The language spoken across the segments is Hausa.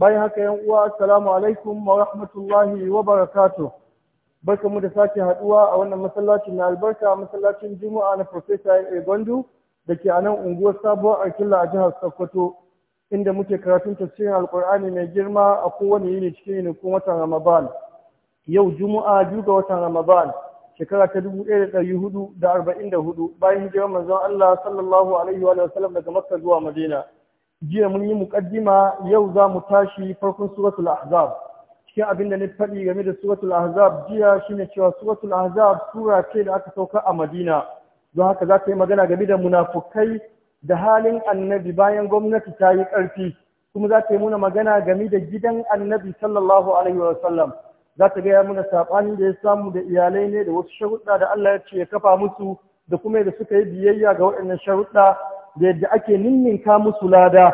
bayan haka yan uwa assalamu alaikum wa rahmatullahi wa barakatuh barkamu da sake haduwa a wannan masallacin na albarka masallacin juma'a na professor A gondu da ke a nan unguwar sabuwar arkilla a jihar Sokoto inda muke karatun tafsirin alkur'ani mai girma a kowane yini cikin yinikun watan Ramadan yau juma'a biyu ga watan Ramadan shekara ta dubu ɗaya da ɗari hudu da arba'in da hudu bayan hijirar manzon Allah sallallahu alaihi wa sallam daga Makka zuwa Madina jiya mun yi mukaddima yau za mu tashi farkon suratul ahzab cikin abin da na faɗi game da suratul ahzab jiya shine cewa suratul ahzab sura ce da aka sauka a madina don haka za ta yi magana game da munafukai da halin annabi bayan gwamnati ta yi ƙarfi kuma za ta yi muna magana game da gidan annabi sallallahu alaihi wa sallam za ta gaya muna saɓani da ya samu da iyalai ne da wasu sharuɗa da Allah ya ce ya kafa musu da kuma da suka yi biyayya ga waɗannan sharuɗa da yadda ake ninninka musu lada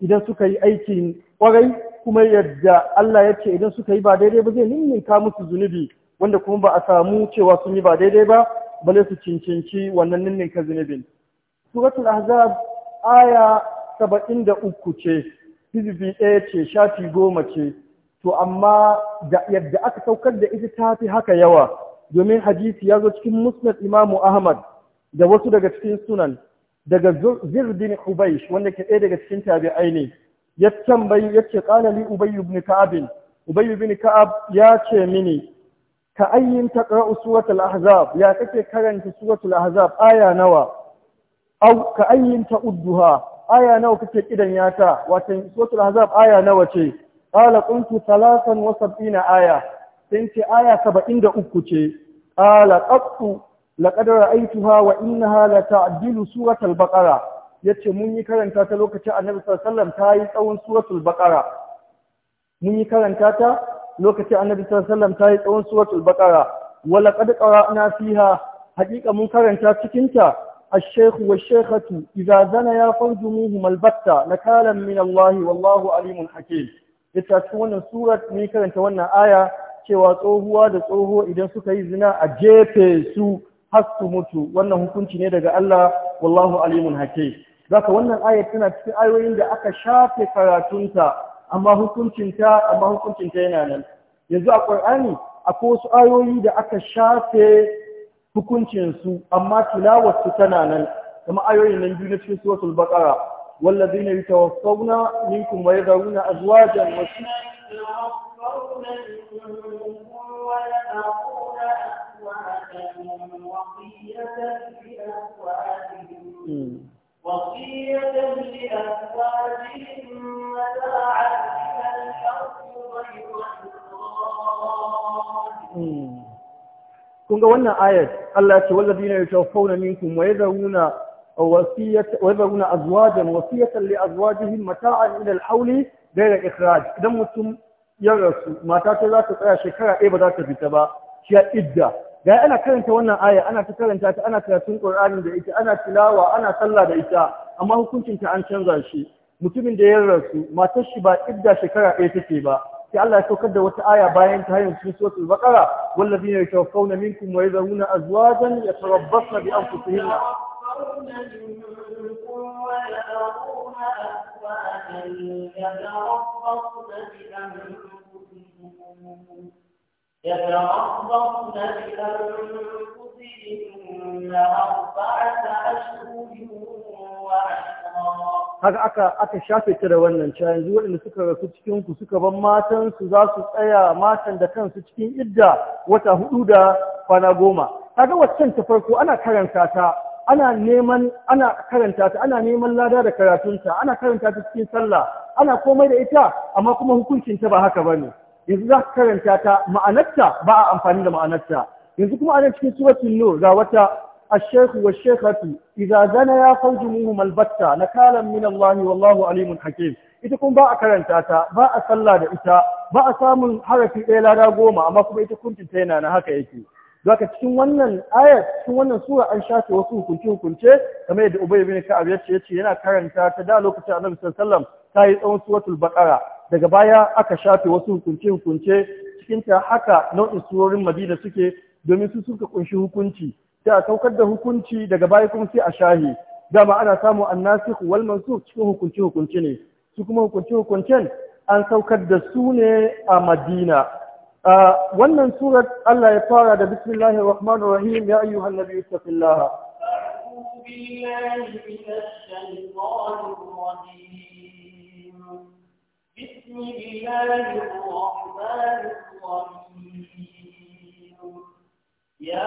idan suka yi aikin kwarai kuma yadda Allah ya ce idan suka yi ba daidai ba zai ninninka musu zunubi wanda kuma ba a samu cewa sun yi ba daidai ba bale su cincinci wannan ninninka zunubin suratul ahzab aya saba'in da uku ce hizbi ɗaya ce shafi goma ce to amma da yadda aka saukar da ita ta fi haka yawa domin hadisi ya zo cikin musnad imamu ahmad da wasu daga cikin sunan daga Zir bin Ubay wanda ke ɗaya daga cikin tabi'ai ne ya tambayi yace qala li Ubay ibn Ka'ab Ubay ibn Ka'ab ya ce mini ka ayyin taqra'u suratul ahzab ya kake karanta suratul ahzab aya nawa au ka ayyin udduha aya nawa kake kidan yata wato suratul ahzab aya nawa ce qala quntu 73 aya sai ce aya 73 ce qala qattu laqad ra'aytuha wa innaha la ta'dilu suratul baqara yace mun yi karanta ta lokacin annabi sallallahu alaihi wasallam ta yi tsawon suratul baqara mun yi karanta ta lokacin annabi sallallahu alaihi wasallam ta yi tsawon suratul baqara wa laqad qara'na fiha haqiqa mun karanta cikin ta الشيخ والشيخة إذا زنيا فرجموهما البتة نكالا من الله والله عليم حكيم ita cikin wannan surat ne karanta wannan aya cewa tsohuwa da tsoho idan suka yi zina a jefe su has su mutu wannan hukunci ne daga Allah wallahu alimun hakim zaka wannan ayat tana cikin ayoyin da aka shafe karatunta amma hukuncinta amma yana nan yanzu a Qur'ani akwai wasu ayoyi da aka shafe hukuncinsu amma tilawarsu tana nan kama ayoyin nan biyu na cikin suratul baqara والذين يتوفون منكم ويذرون أزواجا وسيئا وصية لأزواجهم وصية لأزواجهم متاعا إلى الحرب غير إخراج kun ga wannan ayat Allah ya ce wallazina yatawaffawna minkum wa yadhawuna wasiyatan wa yadhawuna azwajan wasiyatan li azwajihim mata'an ila al-hawli ghayra ikhraj idan mutum ya rasu mata ta za ta tsaya shekara ɗaya ba za ta fita ba shi idda ga ana karanta wannan aya ana ta karanta ta ana karatun Qur'ani da ita ana tilawa ana sallah da ita amma hukuncin ta an canza shi mutumin da ya rasu matar shi ba idda shekara ɗaya take ba sai Allah ya saukar da wata aya bayan ta hayin cikin suratul baqara wallazina yatawaffawna minkum wa yadhuruna azwajan yatarabbasna bi anfusihinna يتربصن بأنفسهم يتربصن بأنفسهن أربعة أشهر haka aka aka shafe ta da wannan cewa yanzu waɗanda suka rasu cikin ku suka ban matan su za su tsaya matan da kansu cikin idda wata hudu da kwana goma kaga waccan ta farko ana karanta ta ana neman ana karanta ta ana neman lada da karatunta ana karanta ta cikin sallah ana komai da ita amma kuma hukuncin ta ba haka bane yanzu za ka karanta ta ma'anarta ba a amfani da ma'anarta yanzu kuma ana cikin suratul nur ga wata الشيخ ya إذا زنيا فوجموهم Batta. نكالا من الله والله عليم حكيم ita kuma ba a karanta ta ba a sallah da ita ba a samun harafi ɗaya lada goma amma kuma ita kuntinta yana na haka yake Zaka cikin wannan ayat cikin wannan sura an shafe wasu hukunce hukunce kamar yadda Ubay bin Ka'ab ya ce yana karanta ta da lokacin Annabi sallallahu alaihi wasallam ta yi tsawon suratul Baqara daga baya aka shafe wasu hukunce-hukunce cikinta haka nau'in surorin madina suke domin su suka kunshi hukunci sai a saukar da hukunci daga baya kuma sai a shahi dama ana samu annasikh wal mansukh cikin hukunce-hukunce ne su kuma hukunce-hukuncen an saukar da su ne a madina wannan surat Allah ya fara da bismillahir rahmanir rahim ya ayyuhan nabiyyu taqillaha بالله من الشيطان الرجيم بسم الله الرحمن الرحيم يا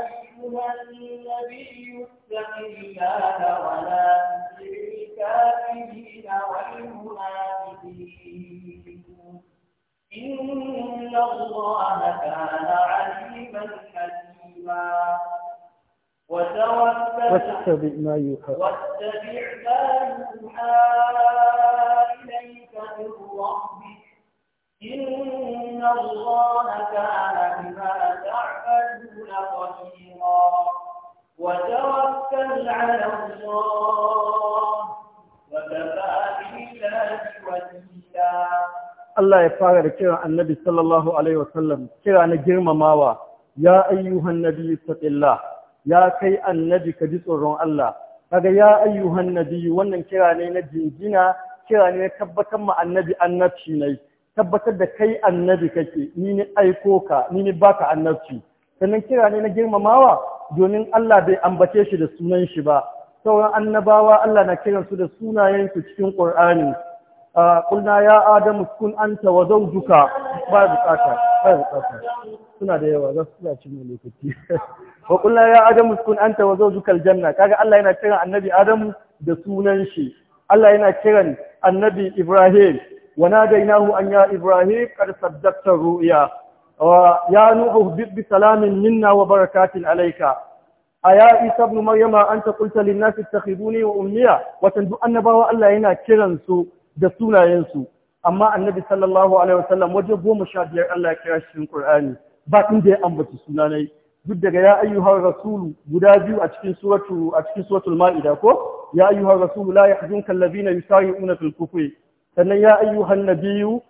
أيها النبي اتق الله ولا تطع الكافرين والمنافقين إن الله كان عليما حكيما واتبع ما يوحى واتبع ما يوحى إليك من ربك إن الله كان بما تعملون خبيرا وتوكل على الله وكفى بالله وكيلا الله يفعل كرا النبي صلى الله عليه وسلم كرا نجرم ماوى يا أيها النبي صلى الله عليه وسلم ya kai annabi ka ji tsoron Allah kaga ya ayyuhan nabiyyu wannan kira ne na jinjina kira ne na tabbatar ma annabi annabci ne tabbatar da kai annabi kake ni ne aiko ka ni ne baka annabci sannan kira ne na girmamawa domin Allah bai ambace shi da sunan shi ba sauran annabawa Allah na kiransu da sunayen su cikin Qur'ani قلنا يا آدم اسكن أنت وزوجك بعد بكاتا suna da yawa za su suna cin lokaci wa kullu ya adamu kun anta wa zawjuka janna kaga Allah yana kiran annabi adamu da sunan shi Allah yana kiran annabi ibrahim wa nadainahu an ya ibrahim qad saddaqta ru'ya wa ya nuhu bi salamin minna wa barakatin alayka aya isa ibn maryama anta qulta lin nasi ittakhiduni wa ummiya watan duk annabawa Allah yana kiran su da sunayen su amma annabi sallallahu alaihi wasallam waje goma sha biyar Allah ya kira shi cikin Qur'ani ba ɗin da ya ambaci suna na duk daga ya ayyuhar rasulu guda biyu a cikin suratu a cikin suratul ma'ida ko ya ayyuhar rasulu la yahzunka allazina yusari'una fil kufri sannan ya ayyuhan nabiyyu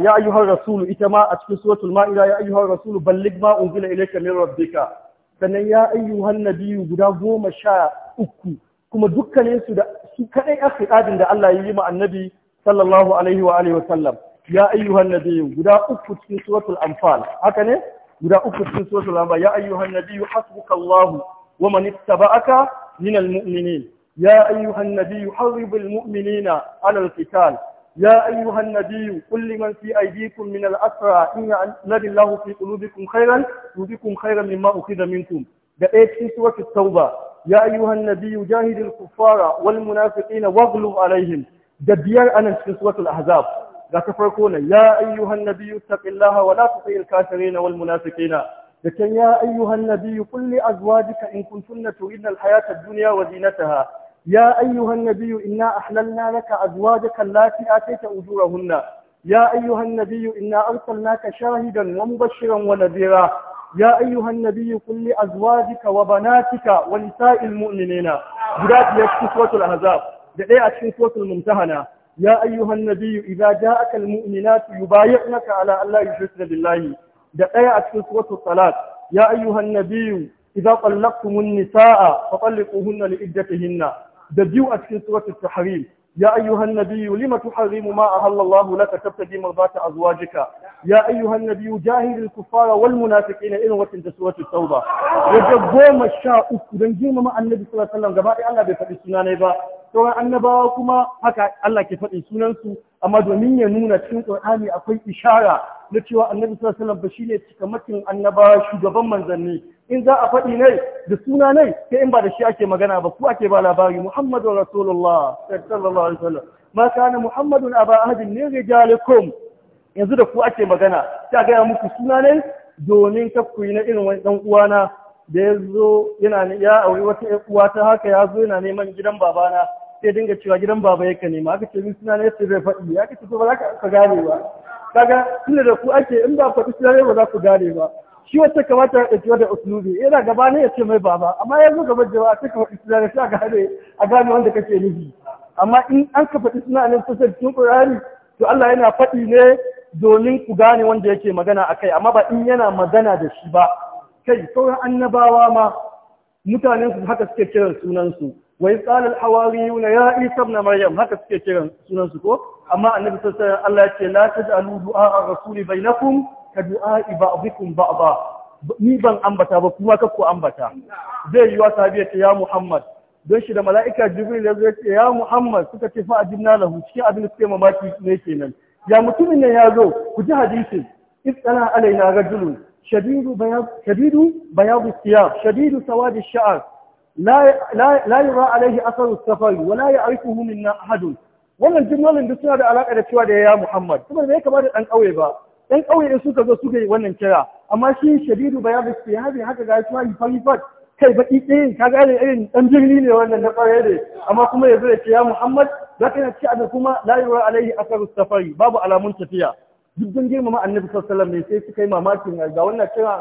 ya ayyuhar rasulu ita ma a cikin suratul ma'ida ya ayyuhar rasulu balligh ma unzila ilayka min rabbika sannan ya ayyuhan nabiyyu guda goma sha uku kuma dukkaninsu da su kadai aka da Allah ya yi ma annabi sallallahu alaihi wa alihi wa sallam ya ayyuhan nabiyyu guda uku cikin suratul anfal haka ne guda uku cikin suratul anfal ya ayyuhan nabiyyu hasbukallahu wa man ittaba'aka minal mu'minin ya ayyuhan nabiyyu harribil mu'minina 'ala al-qital يا أيها النبي قل لمن في أيديكم من الأسرى إن يعلم الله في قلوبكم خيرا يؤتكم خيرا مما أخذ منكم ده إيه في سورة التوبة يا ga ta farko na ya ayyuhan nabiyyu taqillaha wa la tuti'il kafirin wal munafiqina da kan ya ayyuhan nabiyyu qul li azwajika in kuntunna turidna al hayata ad-dunya wa zinataha ya ayyuhan nabiyyu inna ahlalna laka azwajaka allati atayta ujurahunna ya ayyuhan nabiyyu inna arsalnaka shahidan wa mubashiran wa nadhira يا أيها النبي قل لأزواجك وبناتك ونساء المؤمنين جرات يكتب سورة الأحزاب da ɗaya a cikin sotul mumtahana يا أيها النبي إذا جاءك المؤمنات يبايعنك على أن لا يشركن بالله دقيقة سورة الصلاة يا أيها النبي إذا طلقتم النساء فطلقوهن لعدتهن دبيو أتكن سورة التحريم يا أيها النبي لم تحرم ما أهل الله لك تبتدي مرضات أزواجك يا أيها النبي جاهد الكفار والمنافقين إن وتن سورة التوبة وجب ما شاء أكدن جيما مع النبي صلى الله عليه وسلم قبائي أنا بفعل السنانة sauran annabawa kuma haka Allah ke faɗi sunansu amma domin ya nuna cikin Qur'ani akwai ishara na cewa Annabi sallallahu alaihi wasallam ba shine cikamakin annabawa shugaban manzanni in za a faɗi ne da suna ne sai in ba da shi ake magana ba ko ake ba labari Muhammadu Rasulullah sallallahu alaihi wasallam ma kana Muhammadun aba ahadin min rijalikum yanzu da ku ake magana ta ga muku suna ne domin kafku na irin wani dan uwana da ya zo yana ya auri wata uwa ta haka ya zo yana neman gidan babana sai dinga cewa gidan baba yake nema aka ce suna ne sai zai faɗi ya kace ba za ka gane ba kaga tunda da ku ake in ba faɗi suna ne ba za ku gane ba shi wata kamata ya ɗauki wata usulubi yana gaba ne ya ce mai baba amma ya zo gaba jawa ta kama suna ne sai a gane wanda kake nufi amma in an ka faɗi suna ne kusa cikin ƙur'ani to Allah yana faɗi ne domin ku gane wanda yake magana akai amma ba in yana magana da shi ba kai sauran annabawa ma mutanen su haka suke kiran sunansu wa yi hawa hawariyun ya isa na maryam haka suke kiran sunansu ko amma annabi sassan Allah ce la ta du'a a rasuli bainakum ka du'a ba'dikum ba'da ni ban ambata ba kuma kakku ambata zai yi wa sahabiya ce ya muhammad don shi da mala'ika jibril ya zo ce ya muhammad suka ce fa ajibna lahu cikin abin da suke mamaki ne kenan ya mutumin nan ya zo ku ji hadisin istana alaina rajulun شديد بياض شديد بياض الثياب شديد سواد الشعر لا لا لا يرى عليه اثر السفر ولا يعرفه منا احد wannan jimlolin duk suna da alaƙa da cewa da ya Muhammad kuma bai kamata dan ƙauye ba dan ƙauye in suka zo suka yi wannan kira amma shi shadidu bayan istihabi haka ga shi wani farifat kai baki ɗayin ka gane irin dan jirni ne wannan na kwaye ne amma kuma ya zo ya ce ya Muhammad Za zaka yana ci kuma la yura alaihi asaru safari babu alamun tafiya duk girma girmama annabi sallallahu ne sai suka yi mamakin ga wannan cewa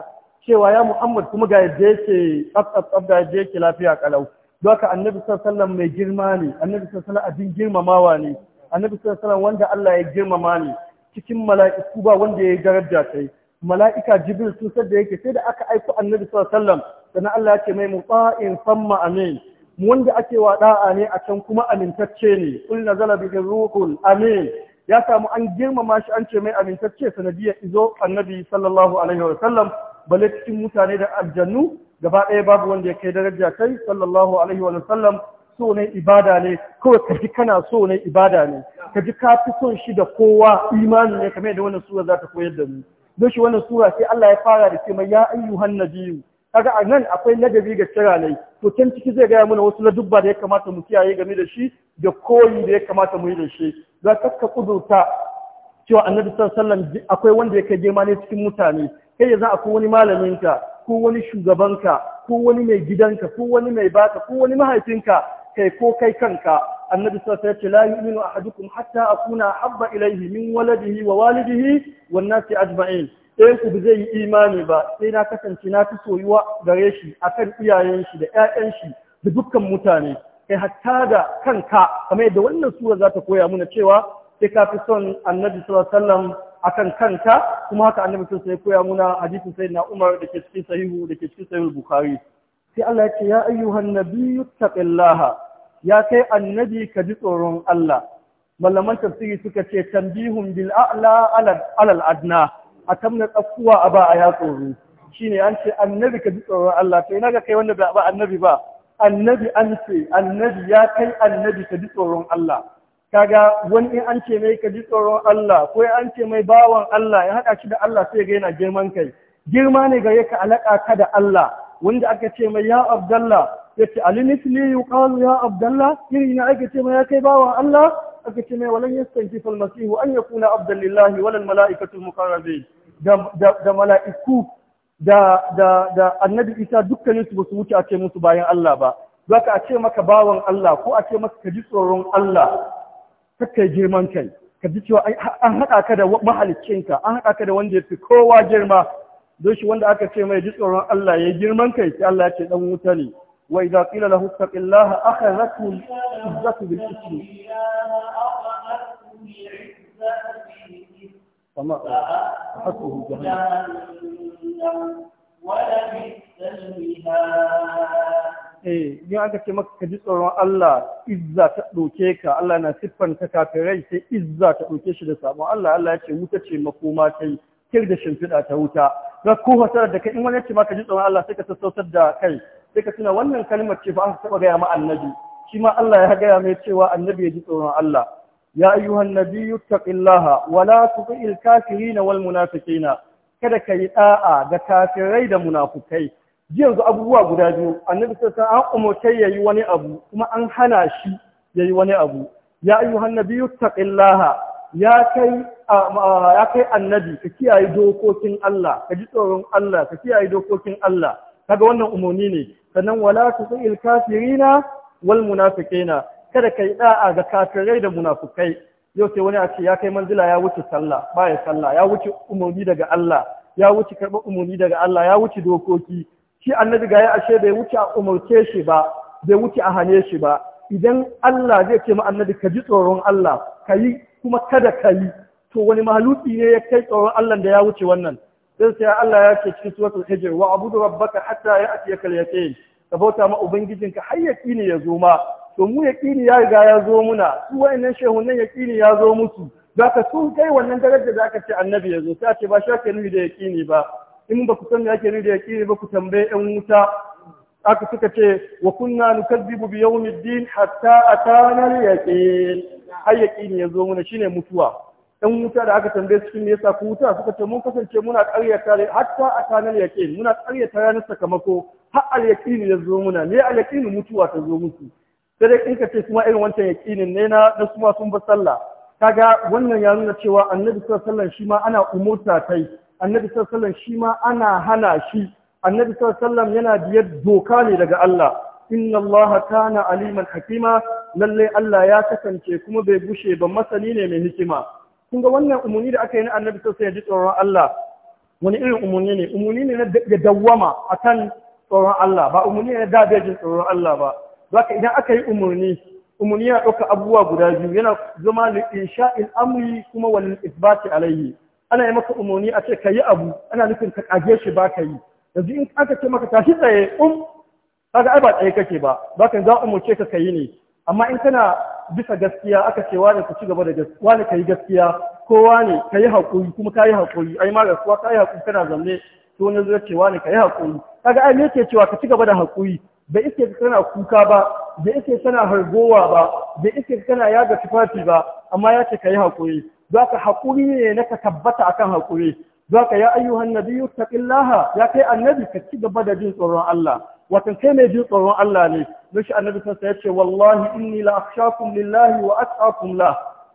cewa ya Muhammad kuma ga yadda yake tsaf da yadda yake lafiya kalau don haka annabi sallallahu mai girma ne annabi sallallahu abin girmamawa ne annabi sallallahu wanda Allah ya girmama ne cikin mala'iku ba wanda ya daraja kai mala'ika jibril sun da yake sai da aka aiko annabi sallallahu sannan Allah ya ce mai mutsa'in samma amin wanda ake wa da'a ne a can kuma amintacce ne kul nazala bi ruhul amin ya samu an girmama shi an ce mai amintacce sanadiyar izo annabi sallallahu alaihi wa sallam bale cikin mutane da aljannu gaba ɗaya babu wanda ya kai daraja kai sallallahu alaihi wa sallam so ne ibada ne kawai ka ji kana so ne ibada ne ka ji ka fi son shi da kowa imani ne kamar da wannan sura za ta koyar da mu don shi wannan sura sai Allah ya fara da cewa ya ayyuhan nabiyyu kaga a nan akwai ladabi ga kiranai, to can ciki zai gaya mana wasu ladubba da ya kamata mu kiyaye game da shi da koyi da ya kamata mu yi da shi za ka ka kudurta cewa annabi sallallahu alaihi wasallam akwai wanda ya kai girma ne cikin mutane kai yanzu akwai wani malaminka ko wani shugabanka ko wani mai gidanka ko wani mai baka ko wani mahaifinka kai ko kai kanka annabi sallallahu alaihi wasallam ya ce la yu'minu ahadukum hatta akuna habba ilayhi min waladihi wa walidihi wan nasi ajma'in ɗayan ku zai yi imani ba sai na kasance na fi soyuwa gare shi akan iyayen shi da 'ya'yan shi da dukkan mutane kai hatta da kanka kamar yadda wannan sura za ta koya mana cewa sai ka fi son annabi sallam a akan kanka kuma haka annabi sun sai koya muna hadisin na Umar da ke cikin sahihu da ke cikin sahihul Bukhari sai Allah ya ce ya ayyuhan nabiyyu taqillaha ya kai annabi ka ji tsoron Allah malaman tafsiri suka ce tambihun bil a'la alal adna a kamnar afuwa a ba a ya tsoro shine an ce annabi ka ji tsoron Allah to ina ga kai wanda ba annabi ba annabi an ce annabi ya kai annabi ka ji tsoron Allah kaga wani in an ce mai ka ji tsoron Allah ko an ce mai bawan Allah ya haɗa shi da Allah sai ga yana girman kai girma ne ga yaka alaka ka da Allah wanda aka ce mai ya Abdallah yace alimisli yuqalu ya Abdallah irin ya aka ce mai ya kai bawan Allah aka ce mai walan yastanki fal masihu an yakuna abdan lillahi walan malaikatu muqarrabin da mala'iku da da da annabi isa dukkanin su basu wuce a ce musu bayan Allah ba zaka a ce maka bawan Allah ko a ce maka ji tsoron Allah kakka girman kai ka ji cewa an haɗa ka da mahaliccinka an haɗa ka da wanda ya fi kowa girma don shi wanda aka ce mai ji tsoron Allah ya girman kai sai Allah ya ce dan wuta ne wa idza qila lahu taqillaha akhadhatu izzatu bil ismi فما حسبه جهنم ولبئس المهاد eh yin aka ce maka ka ji tsoron Allah izza ta ɗauke ka Allah na siffanta kafirai sai izza ta ɗauke shi da sabon Allah Allah ya ce wuta ce ta yi kir da shimfiɗa ta wuta ga ko da kai in wani ya ce maka ji tsoron Allah sai ka sassautar da kai sai ka tuna wannan kalmar ce fa aka taɓa gaya ma annabi shi ma Allah ya gaya mai cewa annabi ya ji tsoron Allah يا أيها النبي اتق الله ولا تطع الكافرين والمنافقين kada ka yi da'a ga kafirai da munafukai ji yanzu abubuwa guda biyu annabi sai an umarce yayi wani abu kuma an hana shi yayi wani abu ya ayyuhan nabiyyu taqillaha ya kai ya kai annabi ka kiyaye dokokin Allah ka ji tsoron Allah ka kiyaye dokokin Allah kaga wannan umarni ne sannan wala tusil kafirina wal munafiqina kada ka yi da'a ga kafirai da munafukai yau sai wani a ce ya kai manzila ya wuce sallah ba ya sallah ya wuce umarni daga Allah ya wuce karɓar umarni daga Allah ya wuce dokoki shi annabi ga ya ashe bai wuce a umarce shi ba bai wuce a hane shi ba idan Allah zai ce ma annabi ka ji tsoron Allah ka yi kuma kada ka yi to wani mahaluki ne ya kai tsoron Allah da ya wuce wannan sai sai Allah ya ce cikin suratul hijr wa abudu rabbaka hatta ya'tiyakal yaqin ka bauta ma ubangijinka har ne ya zo ma to mu yaqini ya riga ya zo muna su wayannan shehunan yaqini ya zo musu zaka su kai wannan darajar da aka ce annabi ya zo sai ce ba shi ake nufi da yaqini ba in ba ku san me ake nufi da yaqini ba ku tambaye ɗan wuta aka suka ce wa kunna nukazzibu bi yawmiddin hatta atana al-yaqin har yaqini ya zo muna shine mutuwa ɗan wuta da aka tambaye su ne yasa ku wuta suka ce mun kasance muna ƙaryata ne hatta a al yaƙin muna ƙaryata ranar sakamako har al-yaqin ya zo muna ne al mutuwa ta zo musu sai dai in ka ce kuma irin wancan yaƙinin ne na na kuma sun ba sallah kaga wannan ya nuna cewa annabi sallallahu alaihi shi ma ana umurta kai annabi sallallahu shi ma ana hana shi annabi sallallahu alaihi yana biyar doka ne daga Allah inna Allah kana aliman hakima lallai Allah ya kasance kuma bai bushe ba masani ne mai hikima kun ga wannan umuni da aka yi na annabi sallallahu alaihi tsoron Allah wani irin umuni ne umuni ne na da dawwama akan tsoron Allah ba umuni ne na da tsoron Allah ba zaka idan aka yi umarni umarni yana ɗauka abubuwa guda biyu yana zama da insha'il amri kuma wal isbati alayhi ana yi maka umarni a ce ka yi abu ana nufin ka kage shi ba ka yi yanzu in aka ce maka tashi tsaye um kaga ai ba tsaye kake ba ka za umarce ka ka yi ne amma in kana bisa gaskiya aka ce wani ka ci gaba da gaskiya ka yi gaskiya kowa ne ka yi haƙuri kuma ka yi haƙuri ai ma gaskiya ka yi haƙuri kana zanne to zai ce wani ka yi haƙuri kaga ai me yake cewa ka ci gaba da haƙuri bai iske ka kuka ba bai iske tana hargowa ba bai iske ka yaga tufafi ba amma ya ce ka yi haƙuri za ka haƙuri ne na ka tabbata akan hakuri za ka ya ayyuhan nabiyu taqillaha ya kai annabi ka ci gaba da jin tsoron Allah watan kai mai jin tsoron Allah ne nashi annabi sansa ya ce wallahi inni la akhshakum lillahi wa atqakum la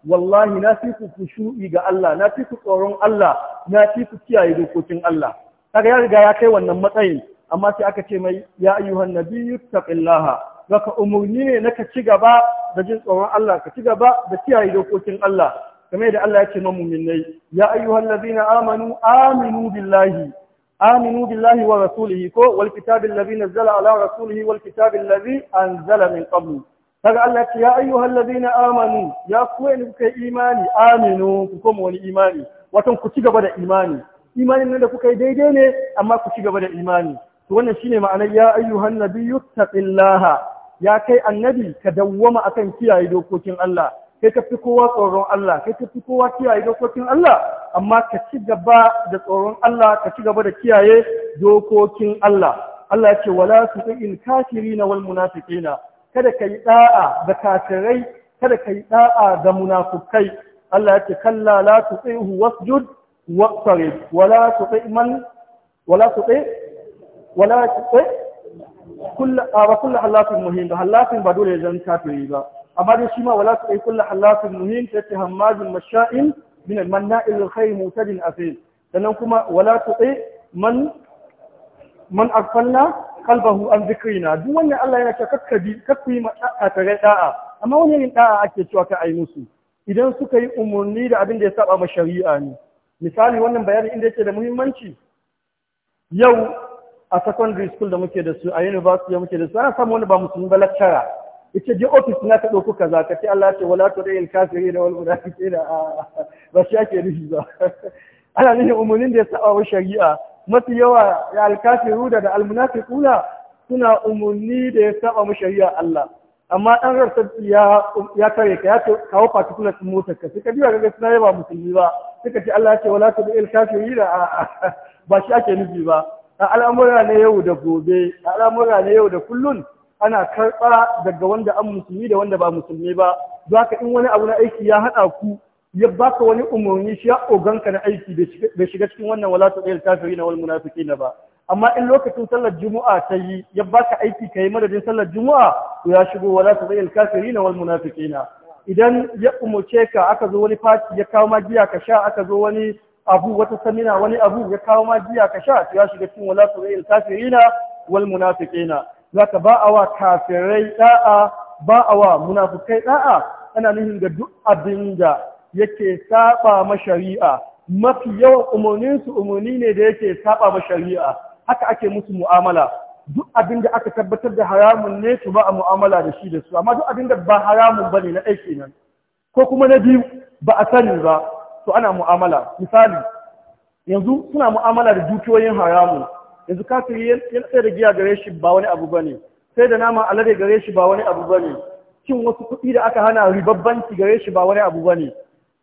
wallahi na fi ku kushu'i ga Allah na fi ku tsoron Allah na fi ku kiyaye dokokin Allah kaga ya riga ya kai wannan matsayin amma sai aka ce mai ya ayyuhan nabiyyu taqillaha zaka umurni ne naka ci gaba da jin tsoron Allah ka ci gaba da kiyaye dokokin Allah kamar da Allah ya ce ma mu'minai ya ayyuhan ladina amanu aminu billahi aminu billahi wa rasulihi ko wal kitabi alladhi nazzala ala rasulihi wal kitabi alladhi anzala min qablu kaga Allah ce ya ayyuhan ladina amanu ya ku ne kuka imani aminu ku koma wani imani watan ku ci gaba da imani imanin nan da kuka yi daidai ne amma ku ci gaba da imani to wannan shine ma'anar ya ayyuhan nabiyyu taqillaha ya kai annabi ka dawwama akan kiyaye dokokin Allah kai ka fi kowa tsoron Allah kai ka fi kowa kiyaye dokokin Allah amma ka ci gaba da tsoron Allah ka ci gaba da kiyaye dokokin Allah Allah ya ce wala tu'il kafirina wal munafiqina kada kai da'a da kafirai kada kai da'a da munafukai Allah ya ce kalla la tu'ihu wasjud waqtarib wala tu'i man wala tu'i wala eh kullu ah, wa kullu halatin muhin da halatin ba dole zan kafiri ba amma dai shi ma wala ta kullu halatin muhin ta tahammazin masha'in min al-manna'il khayr mutadin afil sannan kuma wala ta man man aghfalna qalbahu an dhikrina duk wannan Allah yana cewa kakkabi kakkuyi ma da'a tare da'a amma wani yin da'a ake cewa ka ai musu idan suka yi umurni da abin da ya saba ma shari'a ne misali wannan bayani inda yake da muhimmanci yau a secondary school da muke da su a university da muke da su ana samu wani ba musulmi ba lecturer ita je office na ta ɗauko kaza ka ce Allah ce wala tu kafiri da wal munafiqin ba shi ake nufi ba ana nufin umarnin da ya saba wa shari'a mafi yawa ya alkafiru da da almunafiquna suna umarni da ya saba mu shari'a Allah amma ɗan rarsa ya kare ka ya kawo particular din motar ka sai ka biya ga suna yaba musulmi ba suka ce Allah ce wala tu da'il da ba shi ake nufi ba a al'amura na yau da gobe a al'amura na yau da kullun ana karɓa daga wanda an musulmi da wanda ba musulmi ba za ka in wani abu na aiki ya haɗa ku ya baka wani umarni shi ya oganka na aiki bai shiga cikin wannan wala ta ɗayar kafiri na wani munafiki na ba amma in lokacin sallar juma'a ta yi ya baka aiki ka yi madadin sallar juma'a to ya shigo wala ta ɗayar kafiri na wani munafiki na idan ya umarce ka aka zo wani fati ya kawo magiya ka sha aka zo wani abu wata samina wani abu ya kawo ma jiya ka sha ya shiga cikin wala tu'il kafirina wal munafiqina zaka ba awa kafirai da'a ba awa munafikai da'a ana nuhin ga duk abin da yake saba ma shari'a mafi yawan umarninsu su umarni ne da yake saba ma shari'a haka ake musu mu'amala duk abin da aka tabbatar da haramun ne su ba a mu'amala da shi da su amma duk abin da ba haramun bane na aiki nan ko kuma na biyu ba a sani ba to ana mu'amala misali yanzu suna mu'amala da dukiyoyin haramu yanzu kafiri yana sai da giya gare shi ba wani abu bane sai da nama alade gare shi ba wani abu bane kin wasu kuɗi da aka hana ribabbanci gare shi ba wani abu bane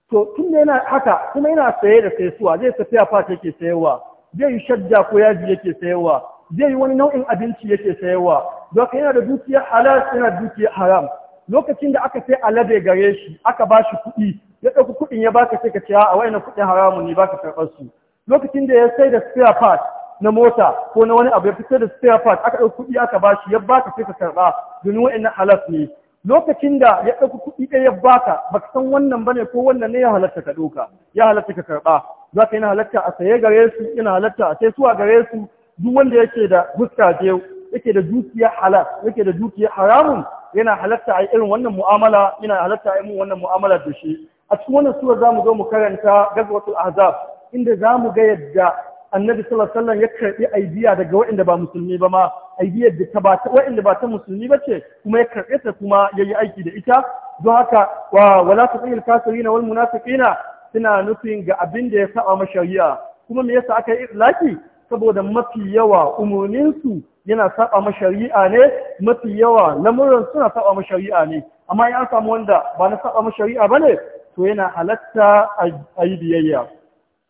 to tun yana haka kuma yana saye da saisuwa zai tafiya fata yake sayarwa zai yi shadda ko yaji yake sayarwa zai yi wani nau'in abinci yake sayarwa haka yana da dukiyar halal yana da dukiyar haram lokacin da aka sai alade gare shi aka ba shi kuɗi ya ɗauki kuɗin ya baka sai ka ce a wayannan kuɗin haramun ne baka karɓar su lokacin da ya sai da spare part na mota ko na wani abu ya fitar da spare part aka ɗauki kuɗi aka shi ya baka sai ka karɓa domin wayannan halaf ne lokacin da ya ɗauki kuɗi ɗaya ya baka baka san wannan bane ko wannan ne ya halatta ka ɗauka ya halatta ka karɓa za ka yana halatta a saye gare su yana halatta a sai suwa gare su duk wanda yake da fuska biyu yake da dukiyar halal yake da dukiyar haramun yana halatta a irin wannan mu'amala yana halatta a irin wannan mu'amala da shi a cikin wannan sura za mu zo mu karanta gazwatul azab inda za mu ga yadda annabi sallallahu alaihi ya karbi aidiya daga waɗanda ba musulmi ba ma aidiyar da ta ba ta waɗanda ba ta musulmi ba ce kuma ya karbe ta kuma yayi aiki da ita don haka wa wala tuqil kafirina wal munafiqina suna nufin ga abin da ya saba ma shari'a kuma me yasa aka yi itlaki saboda mafi yawa umurninsu yana saba ma shari'a ne mafi yawa lamuran suna saba ma shari'a ne amma ya samu wanda ba na saba ma shari'a bane to yana halatta a yi biyayya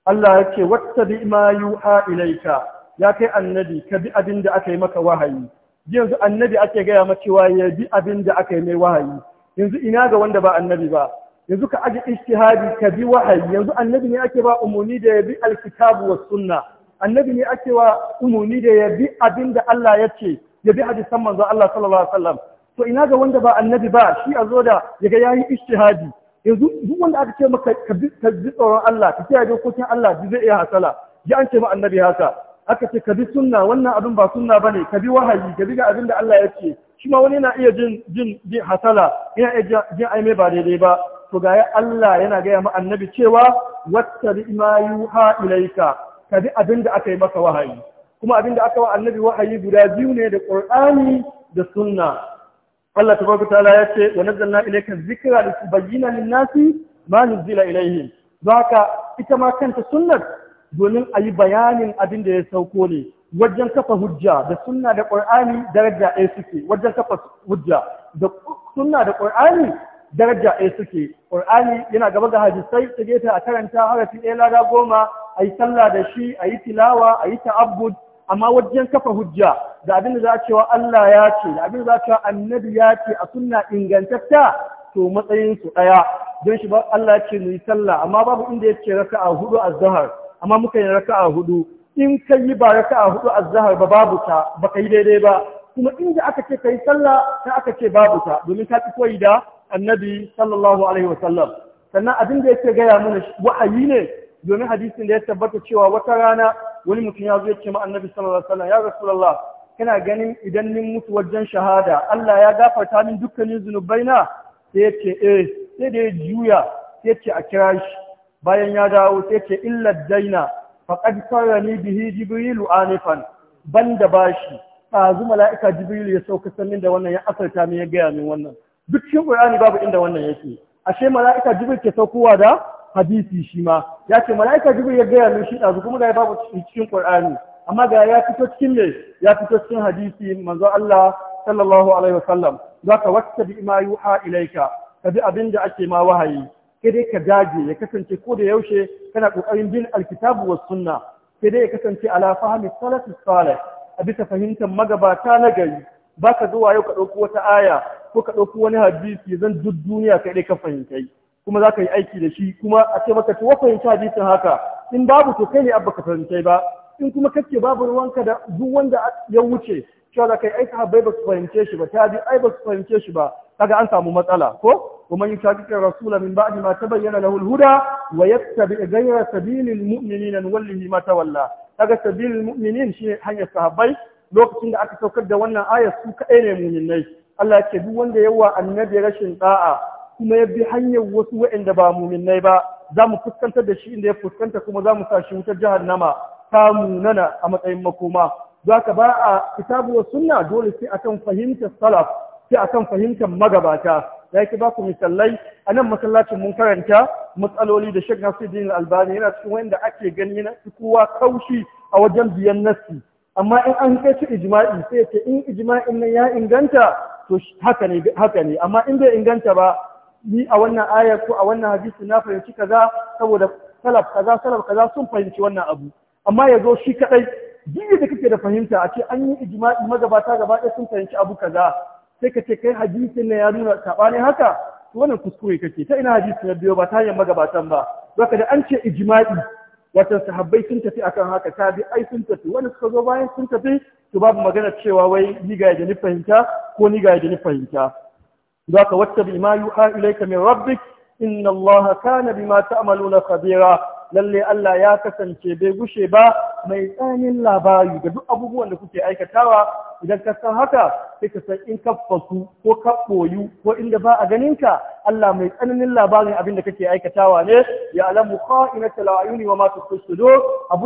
Allah ya ce wata bi ma yuha ilaika ya kai annabi ka bi abin da aka yi maka wahayi yanzu annabi ake gaya ma ya bi abin da aka yi mai wahayi yanzu ina ga wanda ba annabi ba yanzu ka aji ijtihadi ka bi wahayi yanzu annabi ne ake ba umuni da ya bi alkitabu was sunna annabi ne ake wa umuni da ya bi abin da Allah ya ce ya bi hadisan manzo Allah sallallahu alaihi wasallam to ina ga wanda ba annabi ba shi a zo da yaga yayi ijtihadi yanzu duk wanda aka ce maka ka ji tsoron Allah ka kiyaye dokokin Allah ji zai iya hasala ji an ce ma annabi haka aka ce ka bi sunna wannan abin ba sunna bane ka bi wahayi ka bi ga abin da Allah ya ce shi ma wani yana iya jin hasala yana iya jin ai mai ba daidai ba to ga ya Allah yana gaya ma annabi cewa wattabi ma yuha ilaika ka bi abin da aka yi maka wahayi kuma abin da aka wa annabi wahayi guda biyu ne da Qur'ani da sunna Allah tabaraka ta'ala ya ce wa nazzalna zikira da litubayyana lin-nasi ma nuzila ilayhim zaka ita ma kanta sunnar domin ayi bayanin abin da ya sauko ne wajen kafa hujja da sunna da qur'ani daraja ɗaya suke wajen kafa hujja da sunna da daraja ɗaya suke qur'ani yana gaba ga hadisai ta a karanta harafi ɗaya lada goma ayi sallah da shi ayi tilawa ayi ta'abbud amma wajen kafa hujja da abin da za cewa Allah ya ce da abin da za cewa annabi ya ce a sunna ingantatta to matsayin su daya don shi ba Allah ya ce mu yi sallah amma babu inda ya ce raka'a hudu zahar, amma muka yi raka'a hudu in ka yi ba raka'a hudu zahar, ba babu ta ba yi daidai ba kuma inda aka ce kai sallah sai aka ce babu ta domin ka ci koyi da annabi sallallahu alaihi sallam. sannan abin da yake gaya mana wa'ayi ne domin hadisin da ya tabbata cewa wata rana wani mutum ya zo ya ce ma annabi sallallahu alaihi wasallam ya rasulullah kana ganin idan nin mutu wajen shahada Allah ya gafarta min dukkanin zunubaina sai ya ce eh sai da ya juya sai ya ce a kira shi bayan ya dawo sai ya ce illa daina faqad sarani bihi jibrilu anifan da bashi ɗazu mala'ika Jibril ya sauka sannin da wannan ya asarta min ya gaya min wannan duk cikin qur'ani babu inda wannan yake ashe mala'ika jibril ke saukowa da hadisi shi ma ya ce mala'ika jibril ya gaya min shi ɗazu kuma ga ya babu cikin qur'ani amma ga ya fito cikin me ya fito cikin hadisi manzo Allah sallallahu alaihi wasallam zaka wacce bi ma yuha ilaika ka bi abin da ake ma wahayi sai dai ka dage ya kasance ko da yaushe kana kokarin bin alkitabu was sunna sai dai ya kasance ala fahmi salatu salih a bisa fahimtar magabata na gari baka zuwa yau ka ɗauko wata aya ko ka ɗauko wani hadisi zan duk duniya kai dai ka fahimtai kuma za ka yi aiki da shi kuma a ce maka to fahimci hadisin haka in babu to kai ne abba ka fahimtai ba in kuma kake babu ruwanka da duk wanda ya wuce cewa za ka yi aiki habbai ba su fahimce shi ba ta bi ai ba su fahimce shi ba kaga an samu matsala ko ومن يشاقق الرسول من بعد ما تبين له الهدى ويتبع غير سبيل المؤمنين نوله ما تولى kaga sabil mu'minin shine hanyar sahabbai lokacin da aka saukar da wannan ayar su kaɗai ne mu'minai Allah ya ce duk wanda yawa annabi rashin da'a kuma ya bi hanyar wasu waɗanda ba muminai ba za mu fuskantar da shi inda ya fuskanta kuma za mu sa shi wutar nama. ta munana a matsayin makoma zaka ba a kitabu wa sunna dole sai akan fahimtar salaf sai akan fahimtar magabata Ya ki ba ku misalai a nan masallacin mun karanta matsaloli da Sheikh Nasiruddin Albani yana cikin wanda ake gani na kowa kaushi a wajen biyan nasi amma in an kai shi ijma'i sai ce in ijma'in nan ya inganta to haka ne haka ne amma in bai inganta ba ni a wannan ayar ko a wannan hadisi na fahimci kaza saboda salaf kaza salaf kaza sun fahimci wannan abu amma ya zo shi kadai duk da kake da fahimta a ce an yi ijma'i magabata gaba ɗaya sun fahimci abu kaza sai ka ce kai hadisin na ya nuna sabanin haka to wannan kuskure kake ta ina hadisi na biyo ba ta hanyar magabatan ba zaka da an ce ijma'i watan sahabbai sun tafi akan haka bi ai sun tafi wani suka zo bayan sun tafi to babu magana cewa wai ni ga yadda ni fahimta ko ni ga yadda ni fahimta zaka wattabi ma yuha ilayka min rabbik inna allaha kana bima ta'maluna khabira lalle Allah ya kasance bai gushe ba mai tsanin labari ga duk abubuwan da kuke aikatawa idan ka san haka sai ka san in kaffasu ko kabboyu ko inda ba a ka Allah mai tsananin labarin abin da kake aikatawa ne ya alamu kha'inatul ayuni wa ma tukhfi sudur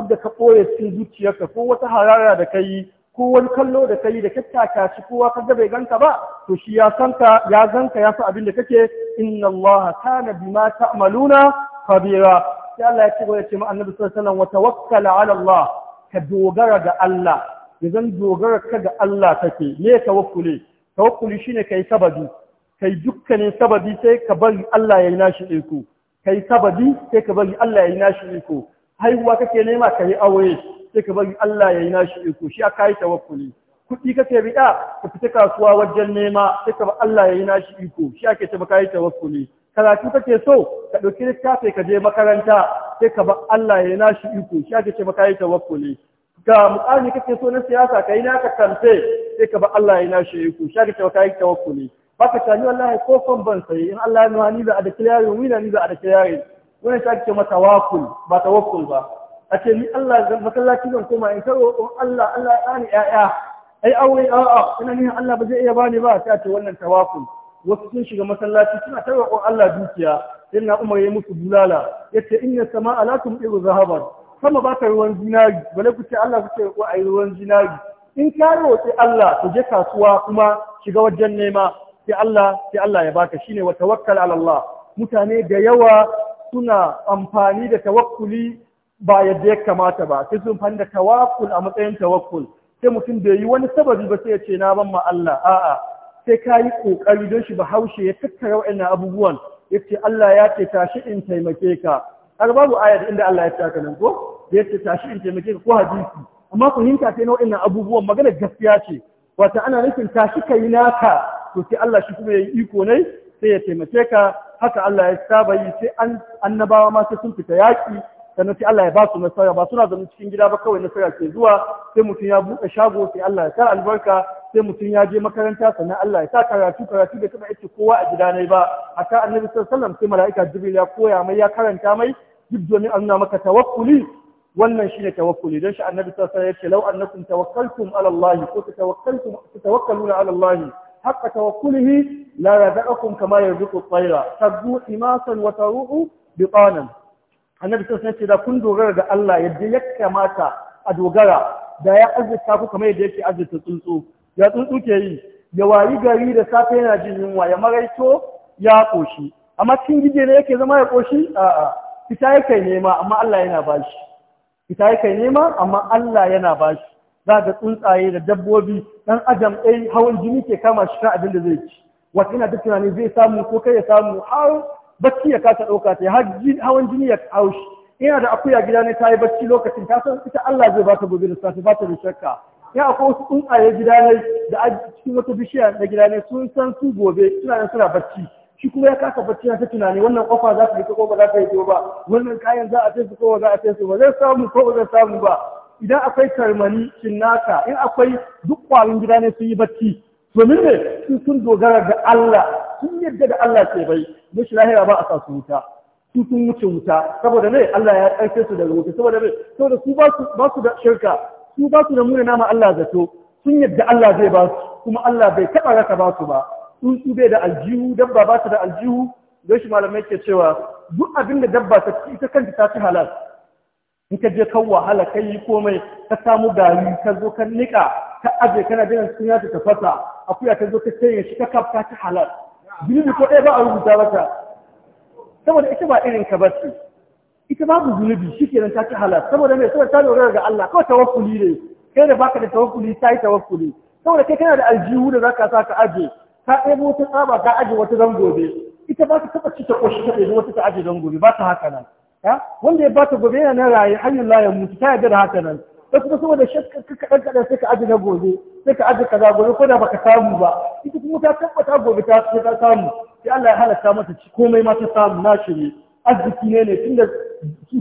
da ka ɓoye cikin zuciyarka ko wata harara da kai ko wani kallo da kai da tattaka shi kowa ka ga bai ganka ba to shi ya san ya ganka ya fi abin da kake inna allaha kana bima ta'maluna khabira sai Allah ya ce wa yace ma annabi sallallahu alaihi wasallam wa tawakkal ala allah ka dogara ga Allah yanzu dogara ka ga Allah take me tawakkuli tawakkuli shine kai sababi kai dukkanin sababi sai ka bari Allah ya yi nashi iko kai sababi sai ka bari Allah ya yi nashi iko haihuwa kake nema ka yi aure sai ka bari Allah ya yi nashi iko shi aka yi tawakkuli kuɗi kake bida ka fita kasuwa wajen nema sai ka bar Allah ya yi nashi iko shi ake cewa kai tawakkuli karatu kake so ka ɗauki littafi ka je makaranta sai ka bar Allah ya yi nashi iko shi ake cewa kai tawakkuli ga mukami kake so na siyasa ka yi naka kamfe sai ka bar Allah ya yi nashi iko shi ake cewa kai tawakkuli baka tani wallahi ko kon ban sai in Allah ya nuna ni da adakiyari wina ni da adakiyari wannan shi ake cewa wakul, ba tawakkul ba a ce ni Allah ga masallaci zan koma in karo roƙon Allah Allah ya ni ƴaƴa ai aure a'a ina ni Allah ba zai iya bani ba sai a ce wannan tawakkul wasu sun shiga masallaci suna ta roƙon Allah dukiya sai na Umar ya musu bulala yace inna sama'a la tumdiru zahaban sama ba ta ruwan zinari bale ku ce Allah ku ce ko ai ruwan zinari in ka roƙi Allah ku je kasuwa kuma shiga wajen nema sai Allah sai Allah ya baka shine wa tawakkal ala Allah mutane da yawa suna amfani da tawakkuli ba yadda ya kamata ba sai sun fanda tawakkul a matsayin tawakkul sai mutum bai yi wani sababi ba sai ya ce na ban ma Allah a'a sai ka yi kokari don shi bahaushe ya tattara wa'annan abubuwan yace Allah ya ce tashi in taimake ka har babu ayat inda Allah ya taka nan ko yace tashi in taimake ka ko hadisi amma hinta sai na wa'annan abubuwan magana gaskiya ce wato ana nufin tashi yi naka to sai Allah shi kuma ya yi iko ne sai ya taimake ka haka Allah ya saba yi sai annabawa ma sai sun fita yaki sannan sai Allah ya ba su nasara ba suna zama cikin gida ba kawai nasara ke zuwa sai mutum ya buɗe shago sai Allah ya sa albarka sai mutum ya je makaranta sannan Allah ya sa karatu karatu da kuma yake kowa a gida ne ba hatta annabi sallallahu alaihi sai mala'ika jibril ya koya mai ya karanta mai duk domin an nuna maka tawakkuli wannan shine tawakkuli dan shi annabi sallallahu alaihi wasallam ya ce law annakum tawakkaltum ala Allah ko tawakkaltum tatawakkaluna ala Allah حق توكله لا يدعكم كما يرزق الطير تبدو حماسا وتروح بطانا annabi sallallahu san da kun dogara ga Allah yadda ya kamata a dogara da ya azurta ku kamar yadda yake azurta tsuntsu ya tsuntsu ke yi ya wayi gari da safe yana jin yunwa ya maraito ya koshi amma cikin gije ne yake zama ya koshi a'a fita yake nema amma Allah yana bashi fita yake nema amma Allah yana bashi za ga tsuntsaye da dabbobi dan adam ɗai hawan jini ke kama shi kan abin da zai ci wata ina duk tunani zai samu ko kai ya samu har bacci ya kasa ɗauka ta hawan jini ya haushi ina da akuya gida ne ta yi bacci lokacin ta san ita Allah zai ba ta gobe da safe ba ta da shakka ya akwai wasu tsuntsaye gida ne da cikin wata bishiya na gida ne sun san su gobe suna nan suna bacci shi kuma ya kasa bacci na ta tunani wannan kofa za ta yi ko ba za ta yi ba wannan kayan za a ce su ko ba za a ce su ba zai samu ko ba zai samu ba idan akwai karmani cinnaka in akwai duk kwarin gida ne sun yi bacci domin ne sun dogara da Allah sun yadda da Allah ce bai mushi lahira ba a sa su wuta su sun wuce wuta saboda ne Allah ya karfe su daga wuta saboda ne saboda su ba su da shirka su ba su da muna nama Allah zato sun yadda Allah zai ba su kuma Allah bai taɓa raka ba su ba tsuntsu bai da aljihu dabba ba ta da aljihu don shi malamai ke cewa duk abin da dabba ta ci ita kanta ta ci halal in ka je kan wahala ka yi komai ka samu gari ka zo ka nika ka aje kana jiran sun ya ta tafasa akuya ta zo ta cire shi ka kafta ta halal zunubi ko ɗaya ba a rubuta mata saboda ita ba irin ka bace ita babu zunubi nan ta ci halar saboda mai saboda ta dogara ga Allah kawai tawakkuli ne kai da baka da tawakkuli ta yi tawakkuli saboda kai kana da aljihu da zaka sa ka aje ka ɗebo wata tsaba ka aje wata zangobe, ita ba ta taɓa ci ta ƙoshi ta ɗebo wata ta aje zangobe ba ta haka nan wanda ya ba ta gobe yana na raye hanyar layan mutu ta yarda da haka nan wasu ba saboda shakka kaɗan kaɗan sai ka aji na gobe sai ka aji kaza gobe ko da baka samu ba ita kuma ta tabbata gobe ta ta samu sai Allah ya halatta mata komai ma ta samu na shiri arziki ne ne tunda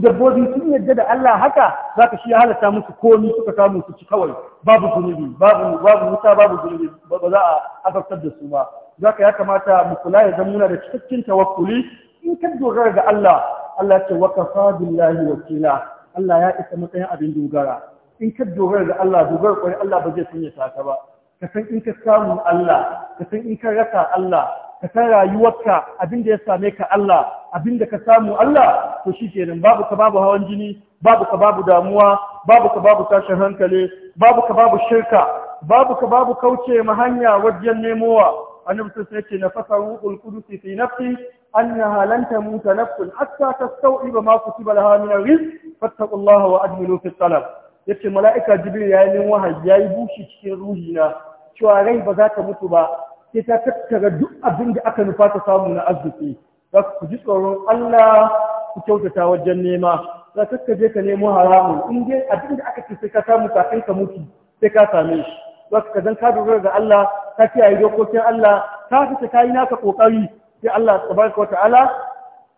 dabbobi sun yadda da Allah haka za ka shi ya halatta musu komi suka samu su ci kawai babu zunubi babu babu wuta babu zunubi ba za a azabtar da su ba za ka ya kamata mu kula ya zama muna da cikakken tawakkuli in ka dogara ga Allah Allah ya ce wa kafa billahi wakila Allah ya isa matsayin abin dogara in ka dogara da Allah dogara kwarai Allah ba zai sanya ta ba ka san in ka samu Allah ka san in ka rasa Allah ka san rayuwarka abin da ya same ka Allah abin da ka samu Allah to shi kenan babu ka babu hawan jini babu ka babu damuwa babu ka babu tashin hankali babu ka babu shirka babu ka babu kauce ma hanya wajen nemowa annabi sun ce na fasa ruhul qudusi fi nafsi annaha lan tamuta nafsun hatta tastau'iba ma kutiba laha min rizq fattaqullaha wa ajmilu fi talab yace mala'ika jibril ya yi min wahayi ya yi bushi cikin ruhi na cewa rai ba za ta mutu ba sai ta tattara duk abin da aka nufa ta samu na arziki za ku ji tsoron Allah ku kyautata wajen nema za ka kaje ka nemo haramun in dai abin da aka ce sai ka samu kafin ka mutu sai ka same shi za ka zan ka dogara ga Allah ka kiyaye dokokin Allah ka fita kayi naka kokari sai Allah tabaraka wa ta'ala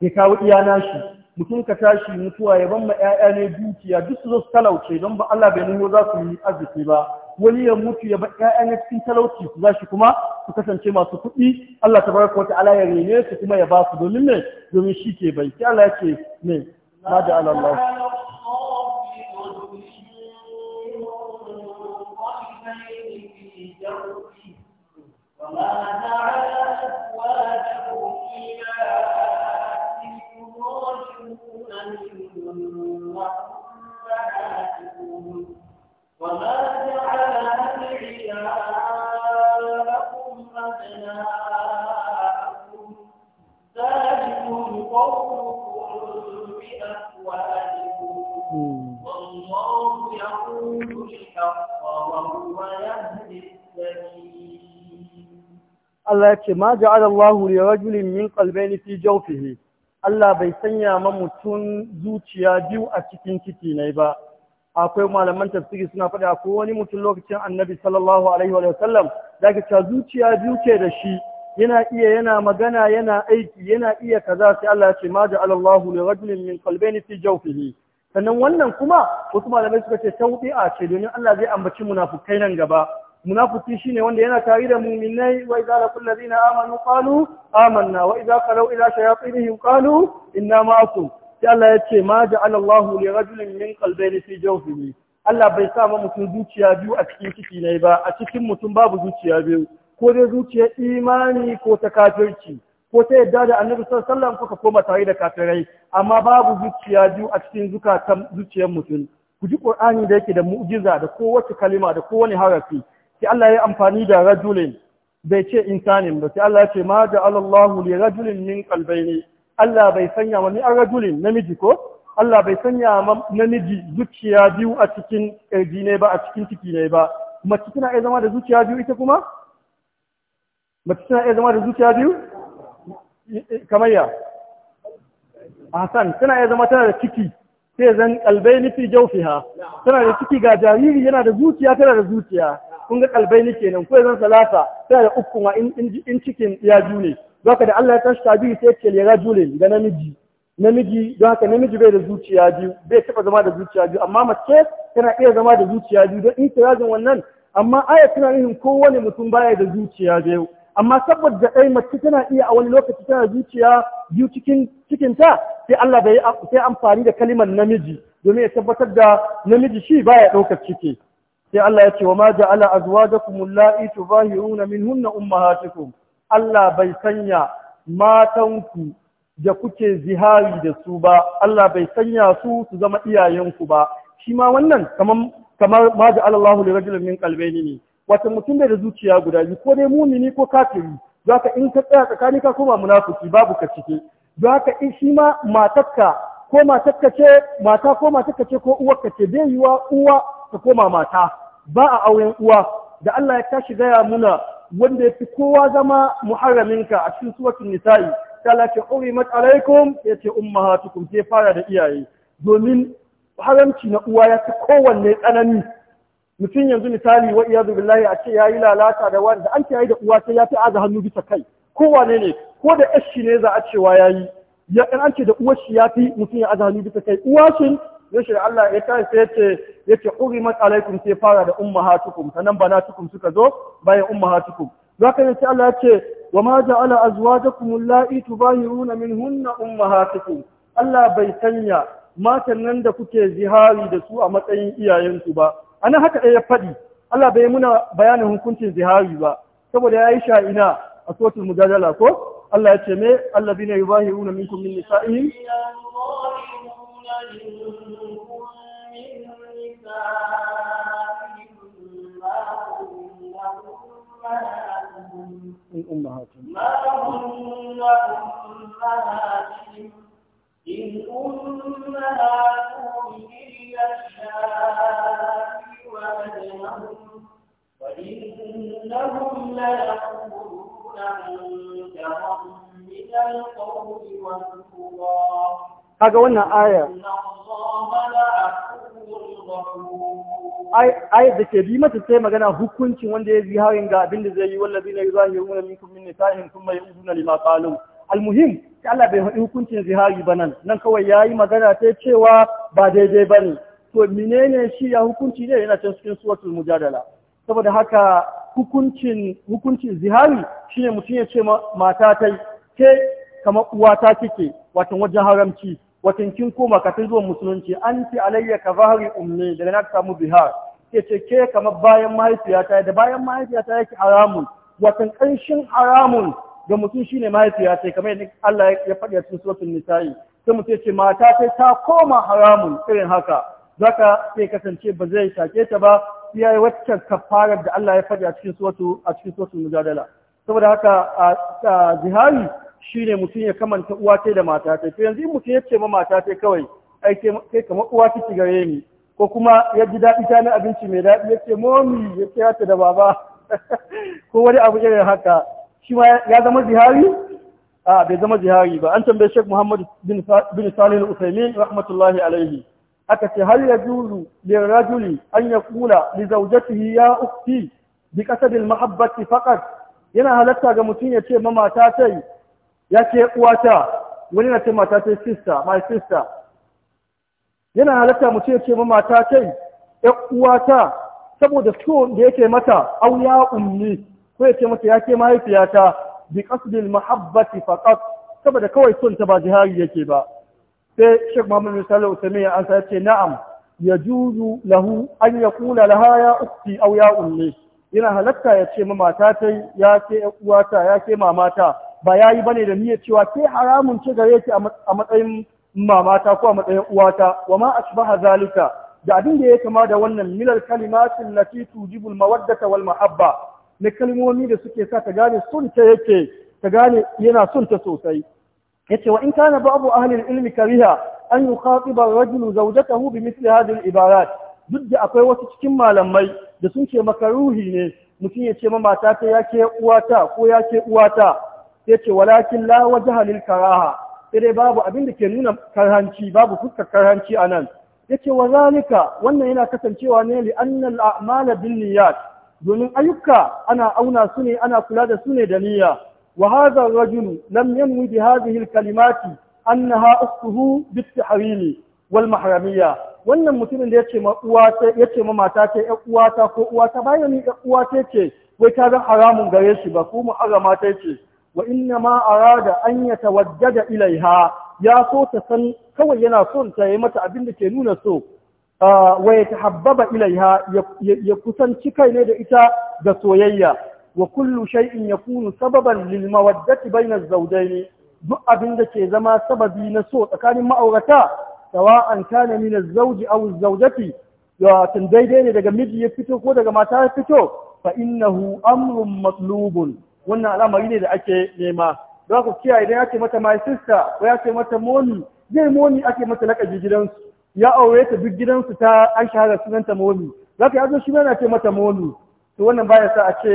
ya kawo iyana shi mutum ka tashi mutuwa ya ban ma ƴaƴa ne dukiya duk su zo su talauce don ba Allah bai nuno za su yi arziki ba wani ya mutu ya ba ƴaƴa ne cikin talauci su zashi kuma su kasance masu kuɗi Allah ta baraka wata ala ya rene su kuma ya ba su domin me domin shi ke bai sai Allah ya ce me ma da Allah وما جعل أزواجكم إلا وما جعل أبناءكم ذلكم والله يقول الحق وهو يهدي الله يكفي ما جعل الله لرجل من قلبين في جوفه Allah bai sanya ma mutum zuciya biyu a cikin ciki ne ba akwai malaman tafsiri suna faɗi ko wani mutum lokacin annabi sallallahu alaihi wa sallam ta zuciya biyu ce da shi yana iya yana magana yana aiki yana iya kaza sai Allah ya ce ma Allahu li rajulin min qalbayni fi jawfihi sannan wannan kuma wasu malamai suka ce tawbi'a ce domin Allah zai ambaci munafukai nan gaba munafiki shine wanda yana tare da mu'minai wa idza laqul ladina amanu qalu amanna wa idza qalu ila shayatinihim qalu inna ma'akum sai Allah ya ce ma ja'ala Allahu li rajulin min qalbayni fi jawfihi Allah bai sa ma mutum zuciya biyu a cikin ciki ne ba a cikin mutum babu zuciya biyu ko dai zuciya imani ko ta kafirci ko ta yadda da annabi sallallahu alaihi wasallam kuka koma tare da kafirai amma babu zuciya biyu a cikin zukatan zuciyar mutum ku ji qur'ani da yake da mu'jiza da kowace kalima da kowane harafi sai Allah ya amfani da rajulin bai ce insanin ba sai Allah ya ce ma da Allahu li rajulin min qalbayni Allah bai sanya wani rajulin namiji ko Allah bai sanya namiji zuciya biyu a cikin kirji ne ba a cikin ciki ne ba mace tana iya zama da zuciya biyu ita kuma mace tana iya zama da zuciya biyu kamar ya Hassan tana iya zama tana da ciki sai zan kalbai nufi jaufiha tana da ciki ga jariri yana da zuciya tana da zuciya kun ga kalbai ne kenan ko zan salasa sai da uku ma in cikin ya june zaka da Allah ya tashi tabi sai ce ya jure ga namiji namiji don haka namiji bai da zuciya biyu bai taba zama da zuciya biyu amma mace tana iya zama da zuciya biyu don intirazin wannan amma aya tana nufin kowane mutum baya da zuciya biyu amma saboda ɗai mace tana iya a wani lokaci tana zuciya biyu cikin cikinta sai Allah bai sai amfani da kalimar namiji domin ya tabbatar da namiji shi baya ɗaukar ciki sai Allah ya ce wa ma ja'ala azwajakum allati tubahiruna minhunna ummahatukum Allah bai sanya matanku da kuke zihari da su ba Allah bai sanya su su zama iyayenku ba shi ma wannan kamar kamar ma ja'ala Allahu li rajulin min qalbayni ne wato mutum da zuciya guda biyu ko dai mumini ko kafiri zaka in ka tsaya tsakani ka koma munafiki babu ka cike zaka in shi ma matarka ko matarka ce mata ko matarka ce ko uwarka ce bai yiwa uwa ta koma mata ba a auren uwa da Allah ya tashi gaya muna wanda ya fi kowa zama muharraminka a cikin suwatun nisa'i ta lafi urimat alaikum ya ce umma ummahatukum ke fara da iyaye domin haramci na uwa ya fi kowanne tsanani mutum yanzu misali wa iyadu billahi a ce yayi lalata da wanda an ce da uwa sai ya fi aza hannu bisa kai kowane ne ko da yashi ne za a cewa yayi ya an ce da uwar shi ya fi mutum ya aza hannu bisa kai uwa shin yaushe Allah ya kai sai yace yace urimat alaikum sai fara da ummahatukum sanan tukum suka zo bayan ummahatukum zaka yace Allah yace wa ma ja'ala azwajakum allati tubahiruna minhunna ummahatukum Allah bai sanya matan nan da kuke zihari da su a matsayin iyayensu ba anan haka dai ya faɗi Allah bai muna bayanin hukuncin zihari ba saboda yayi sha'ina a sotul mujadala ko Allah ya ce me allazina yubahiruna minkum min nisa'ihim أمهاتهم من أمهاتهم ما هن أمهاتهم إن أمهاتهم إلا الشاء وأدنهم وإنهم ليقولون منكرا من القول والكبار. هذا وانا آية. إن الله لا ai da ke bi mata sai magana hukuncin wanda ya bi hawin ga abin da zai yi wallabi na yuzahiruna minkum min nisa'ihim thumma yu'zuna lima qalu almuhim sai Allah bai faɗi hukuncin zihari ba nan nan kawai yayi magana ta cewa ba daidai bane to menene shi ya hukunci ne yana can cikin suratul mujadala saboda haka hukuncin hukuncin zihari shine mutum ya ce mata tai ke kamar uwata kike wato wajen haramci watancin koma kafin zuwan musulunci an ce alayya ka zahari ummi daga na samu bihar ke ce ke kamar bayan mahaifiyata da bayan mahaifiyata yake haramun watan ƙanshin haramun ga mutum shine mahaifiyata kamar yadda Allah ya faɗi a cikin suratul nisa'i sai mutum ce mata ta ta koma haramun irin haka zaka sai kasance ba zai shake ta ba sai waccan kafarar da Allah ya faɗi a cikin suratu a mujadala saboda haka a jihari ne mutum ya kamanta uwa ce da mata ce to yanzu in mutum ya ce ma mata ce kawai ai kai kamar uwa ki gare ni ko kuma ya ji daɗi ta na abinci mai daɗi ya ce momi ya ce hata da baba ko wani abu irin haka shi ma ya zama zihari a bai zama zihari ba an tambaye Sheikh Muhammad bin Salihu al rahmatullahi alaihi aka ce hal yajuzu lirajuli an kula, li zawjatihi ya ukti bi kasadil al-mahabbati yana halatta ga mutum ya ce mamata ta yi ya ce uwata wani na ce mata ta sister my sister yana halatta mutum ya ce mamata ta yi ya uwata saboda so da yake mata au ya ummi ko ya ce mata ya ke mahaifiyata bi kasbil mahabbati faqat saboda kawai son ta ba jihari yake ba sai shek Muhammad bin Salih ya ansa ya ce na'am yajuzu lahu an yaqula laha ya ukti aw ya ummi yana halatta ya ce ma mata ta ya ke uwata ya ke mamata ba yayi bane da niyyar cewa ke haramun ce gare ki a matsayin mamata ko a matsayin uwata wa ma asbaha zalika da abin da ya kama da wannan milal kalimatin lati tujibu mawaddata wal mahabba na kalmomi da suke sa ta gane sun ta yake ta gane yana son ta sosai yace wa in kana babu ahli ilmi kariha an yukhatiba ar-rajulu zawjatahu bi mithli hadhihi al-ibarat duk da akwai wasu cikin malamai da sun ce maka ruhi ne mutum ya ce ma mata ta ya ke uwata ko ya ke uwata Ya ce walakin la wajha lil karaha sai dai babu abin da ke nuna karhanci babu fuskar karhanci a nan yace wa zalika wannan yana kasancewa ne li annal a'mala bin niyyat domin ayyuka ana auna su ne ana kula da su ne da niyya wa hadha rajulu lam yanwi bi hadhihi al-kalimati annaha asluhu bit-tahrim wal mahramiyya wannan mutumin da ya ma uwa yace ma ce uwata ko uwata bayan ni ƴan uwata ce wai ta zan haramun gare shi ba ko mu mata ta ce wa inna ma arada an yatawaddada ilaiha ya so ta san kawai yana son ta yi mata abin da ke nuna so wa ya tahabbaba ilaiha ya kusanci kai ne da ita da soyayya wa kullu shay'in yakunu sababan lil mawaddati bayna az-zawjayn duk abin da ke zama sababi na so tsakanin ma'aurata sawa'an kana min az-zawji aw az-zawjati tun daidai ne daga miji ya fito ko daga mata ya fito fa innahu amrun matlubun wannan al'amari ne da ake nema don ku kiyaye idan ya ce mata my sister ko ya ce mata moni zai moni ake mata lakabi gidansu ya aure ta duk gidansu ta an shahara sunanta moni za ka yazo shi ma yana ce mata moni to wannan baya sa a ce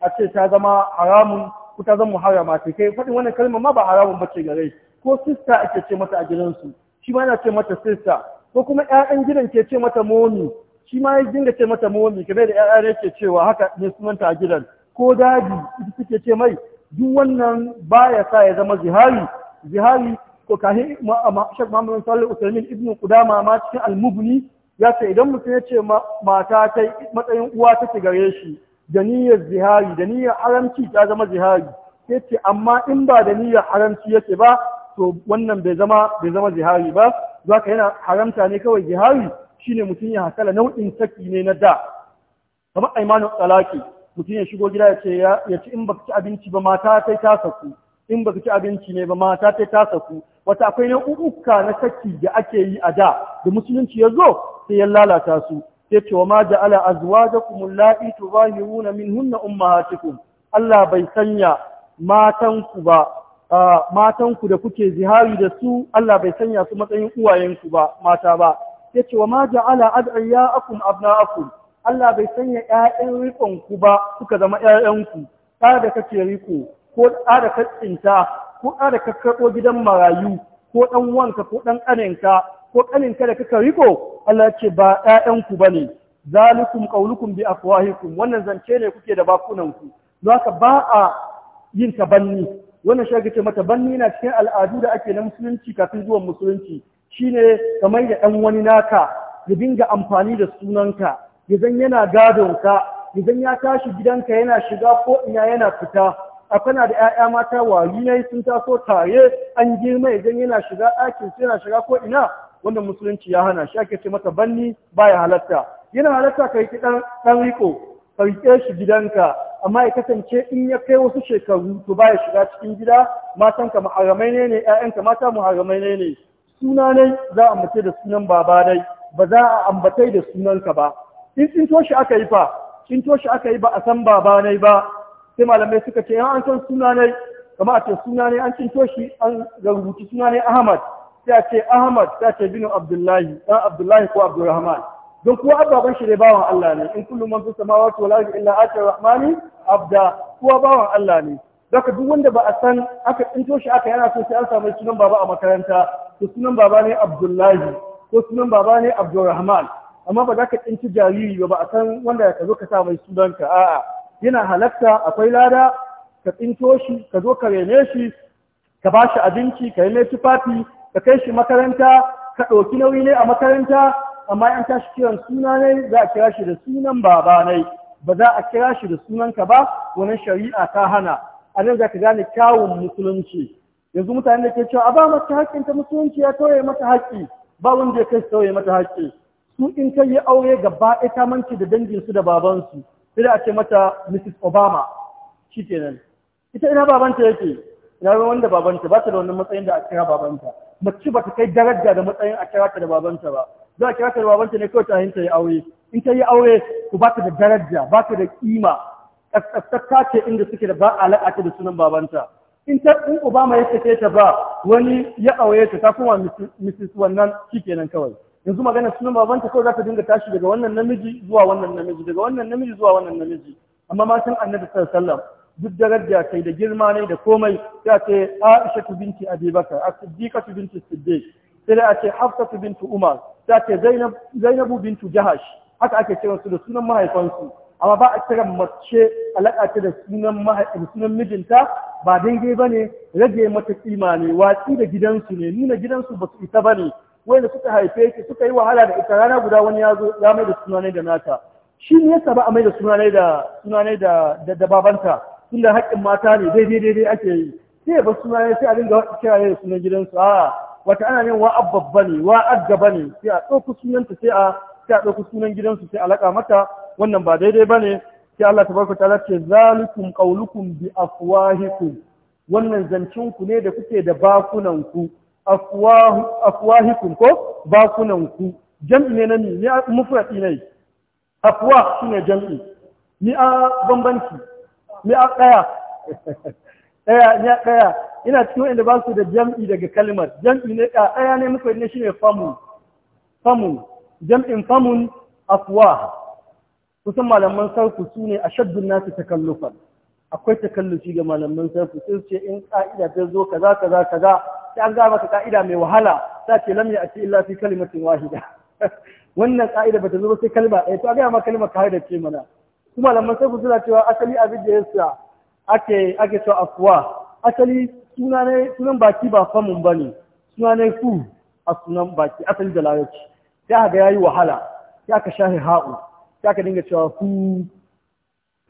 a ce ta zama haramun ko ta zama harama kai faɗin wannan kalmar ma ba haramun bace gare ko sister ake ce mata a gidansu shi ma yana ce mata sister ko kuma ƴaƴan gidan ke ce mata momi shi ma ya dinga ce mata momi kamar da ƴaƴan yake cewa haka ne sunanta a gidan ko daji ita suke ce mai duk wannan baya sa ya zama zihari zihari ko kahi Sheikh Muhammad Salih Usaimin Ibn Kudama, ma cikin al-Mughni ya ce idan mutum ya ce mata ta matsayin uwa ta gare shi da niyyar zihari da niyyar haramci ta zama zihari sai ce amma in ba da niyyar haramci yake ba to wannan bai zama bai zama zihari ba ka yana haramta ne kawai zihari shine mutum ya hakala nau'in saki ne na da kamar aimanu talaki mutum ya shigo gida ya ce ci in baka ci abinci ba mata sai ta saku in baka ci abinci ne ba mata sai ta saku wata akwai nau'uka na saki da ake yi a da da musulunci ya zo sai ya lalata su sai ce wa ma ja'ala azwajakum allati tuzahiruna minhunna ummahatukum Allah bai sanya matanku ba matanku da kuke zihari da su Allah bai sanya su matsayin uwayenku ba mata ba yace wa ma ja'ala ad'iyaakum abna'akum Allah bai sanya ƴaƴan rikon ba suka zama ƴaƴanku ka da kake riko ko ka da katsinta ko ka da kakkarbo gidan marayu ko dan wanka ko dan ƙaninka ko kaninka da kaka riko Allah ce ba ƴaƴanku bane zalikum qaulukum bi afwahikum wannan zance ne kuke da bakunanku don haka ba a yin tabanni wannan shi ce mata banni na cikin al'adu da ake na musulunci kafin zuwan musulunci shine kamar da ɗan wani naka ya dinga amfani da sunanka ya zan yana gadon ka ya zan ya tashi gidanka yana shiga ko ina yana fita a kana da 'ya'ya mata wayi ne sun taso tare an girma ya zan yana shiga ɗakin yana shiga ko ina wannan musulunci ya hana shi ake ce mata banni baya halatta yana halatta ka yi ɗan riko farke shi gidanka amma ya kasance in ya kai wasu shekaru to ba ya shiga cikin gida ka muharramai ne ne ƴaƴanka mata muharramai ne ne suna za a ambace da sunan baba dai ba za a ambatai da sunanka ba in cinto shi aka yi fa in shi aka yi ba a san baba ne ba sai malamai suka ce ah, an san suna ne kamar a ce suna an cinto shi an rubuci suna Ahmad sai a ce Ahmad sai a ce binu Abdullahi dan Abdullahi ko Abdulrahman don kuwa ababan shi ne bawan Allah ne in kullum man fi samawati wal ardi illa atir rahmani abda kuwa bawan Allah ne zaka duk wanda ba a san aka tsinto shi aka yana so sai an samu sunan baba a makaranta to sunan baba ne Abdullahi ko sunan baba ne Abdurrahman amma ba za ka tsinci jariri ba ba a san wanda ka zo ka sa mai sunanka a'a yana halatta akwai lada ka tsinto shi ka zo ka rene shi ka ba shi abinci ka yi mai tufafi ka kai shi makaranta ka ɗauki nauyi ne a makaranta amma ka tashi kiran suna ne za a kira shi da sunan baba ne ba za a kira shi da sunanka ba wannan shari'a ta hana a nan za ka gane kyawun musulunci yanzu mutane da ke cewa a ba mata haƙƙin ta musulunci ya tauye mata haƙƙi ba wanda ya kai su tauye mata haƙƙi su in kai yi aure gaba ɗaya ta manci da danginsu da babansu sai da a ce mata Mrs. Obama shi kenan ita ina babanta yake ina wanda babanta ba ta da wannan matsayin da a kira babanta mace ba ta kai daraja da matsayin a kira ta da babanta ba za kira ta babanta ne kawai ta yin ta yi aure in ta yi aure ku ba ta da daraja ba ta da kima tsaftsafta ce inda suke da ba la'ata da sunan babanta in ta in Obama ya sake ta ba wani ya aure ta ta kuma Mrs wannan kenan kawai yanzu magana sunan babanta kawai za ta dinga tashi daga wannan namiji zuwa wannan namiji daga wannan namiji zuwa wannan namiji amma matan Annabi sallallahu alaihi wasallam duk daraja kai da girma ne da komai ya ce Aisha binti Abi Bakar As-Siddiqa binti Siddiq sai a ce Hafsa binti Umar ta ce Zainabu bintu Jahash haka ake kiran su da sunan mahaifansu amma ba a kiran mace alaka ta da sunan mahaifin sunan mijinta ba daidai bane rage mata kima ne watsi da gidansu ne nuna gidansu ba su ita bane wanda suka haife ki suka yi wahala da ita rana guda wani ya zo ya mai da sunanai da nata shi ne yasa ba a mai da sunanai da sunanai da da babanta tunda haƙƙin mata ne daidai daidai ake yi sai ba sunanai sai a dinga kiraye da sunan gidansu a wata ana yin wa abba ne wa agaba ne sai a ɗauki sunanta sai a sai a ɗauki sunan gidansu sai a laƙa mata wannan ba daidai ba ne sai Allah tabaraka ta ce zalikum qaulukum bi afwahikum wannan zancin ku ne da kuke da bakunan ku afwahikum ko bakunan ku jam'i ne na ni ni mufradi ne afwa shine jam'i ni a bambanci ni a daya daya ni a daya ina cikin wanda ba su da jam'i daga kalmar jam'i ne ɗaya ne muka ne shine famun famun jam'in famun afuwa. kusan malaman sarku su ne a shaddun nasu ta takallufan akwai takallufi ga malaman sarku Sun ce in ƙa'ida ta zo kaza kaza kaza sai an ga maka ƙa'ida mai wahala ta ce lam ya'ti illa fi kalimatin wahida wannan ka'ida bata zo ba sai kalma ɗaya to a ga ma kalmar ka haida ce mana kuma malaman sarku suna cewa asali abin da yasa ake ake cewa afuwa. asali sunan baki ba famun ba ne suna ne a sunan baki asali da larabci sai aka ga yayi wahala sai aka shahi ha'u sai aka dinga cewa fu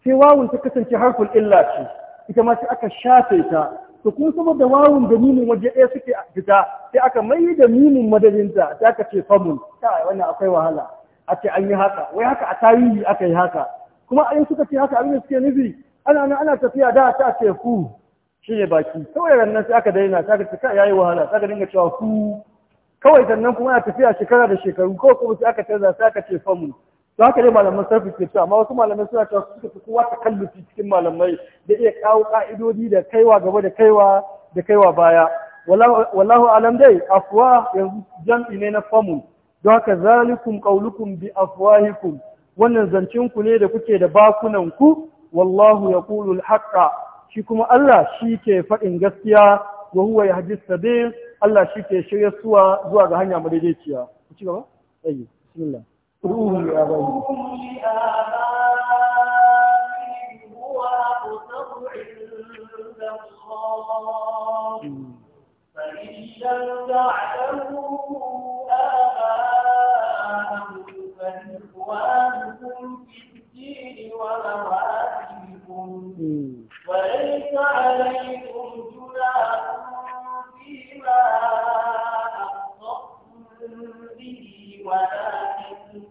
sai wawun ta kasance harkul illa ce ita ma sai aka shafe ta to kuma saboda wawun da mimin waje ɗaya suke fita sai aka mai da mimin madadinta sai aka ce famun kai wannan akwai wahala a ce an yi haka wai haka a tarihi aka yi haka kuma ayin suka ce haka abin da suke nufi ana ana tafiya da ta ce fu shi ne baki kawai rannan sai aka daina ta aka kai yayi wahala ta aka dinga cewa ku kawai sannan kuma ya tafiya shekara da shekaru ko kuma sai aka canza sai aka ce famu to haka dai malaman sarfi ke cewa amma wasu malamai suna cewa suka fi kowa takallufi cikin malamai da iya kawo ka'idodi da kaiwa gaba da kaiwa da kaiwa baya wallahu alam dai afwa yanzu jam'i ne na famu don haka zalikum qaulukum bi afwahikum wannan zancin ku ne da kuke da bakunan ku wallahu yaqulu al shi kuma Allah shi ke faɗin gaskiya wa huwa ya yahdi sabi Allah shi ke shirya suwa zuwa ga hanya madaidaiciya ku ci gaba ayi bismillah ruhu ya bayi Mm. لم وليس عليكم جناح فيما أخطأتم به ولكن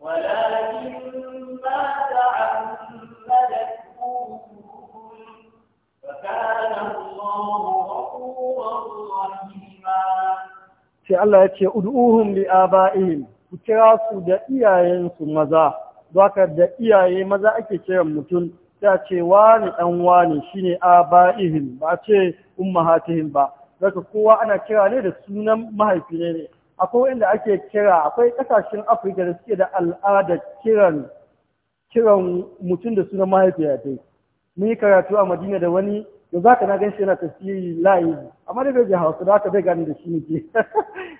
ولكن ما تعمدت قلوبكم فكان الله غفورا رحيما sai Allah ya ce ud'uhum li aba'ihim ku kira su da iyayensu maza zaka da iyaye maza ake kiran mutum sai cewa ce wani ne wani shine aba'ihim ba ce ummahatihim ba daga kowa ana kira ne da sunan mahaifi ne akwai wanda ake kira akwai kasashen Afirka da suke da al'adar kiran kiran mutum da sunan mahaifiya dai mun yi karatu a Madina da wani da za ka na gan shi yana tafsiri layi amma da bai ji hausa da aka bai gani da shi ne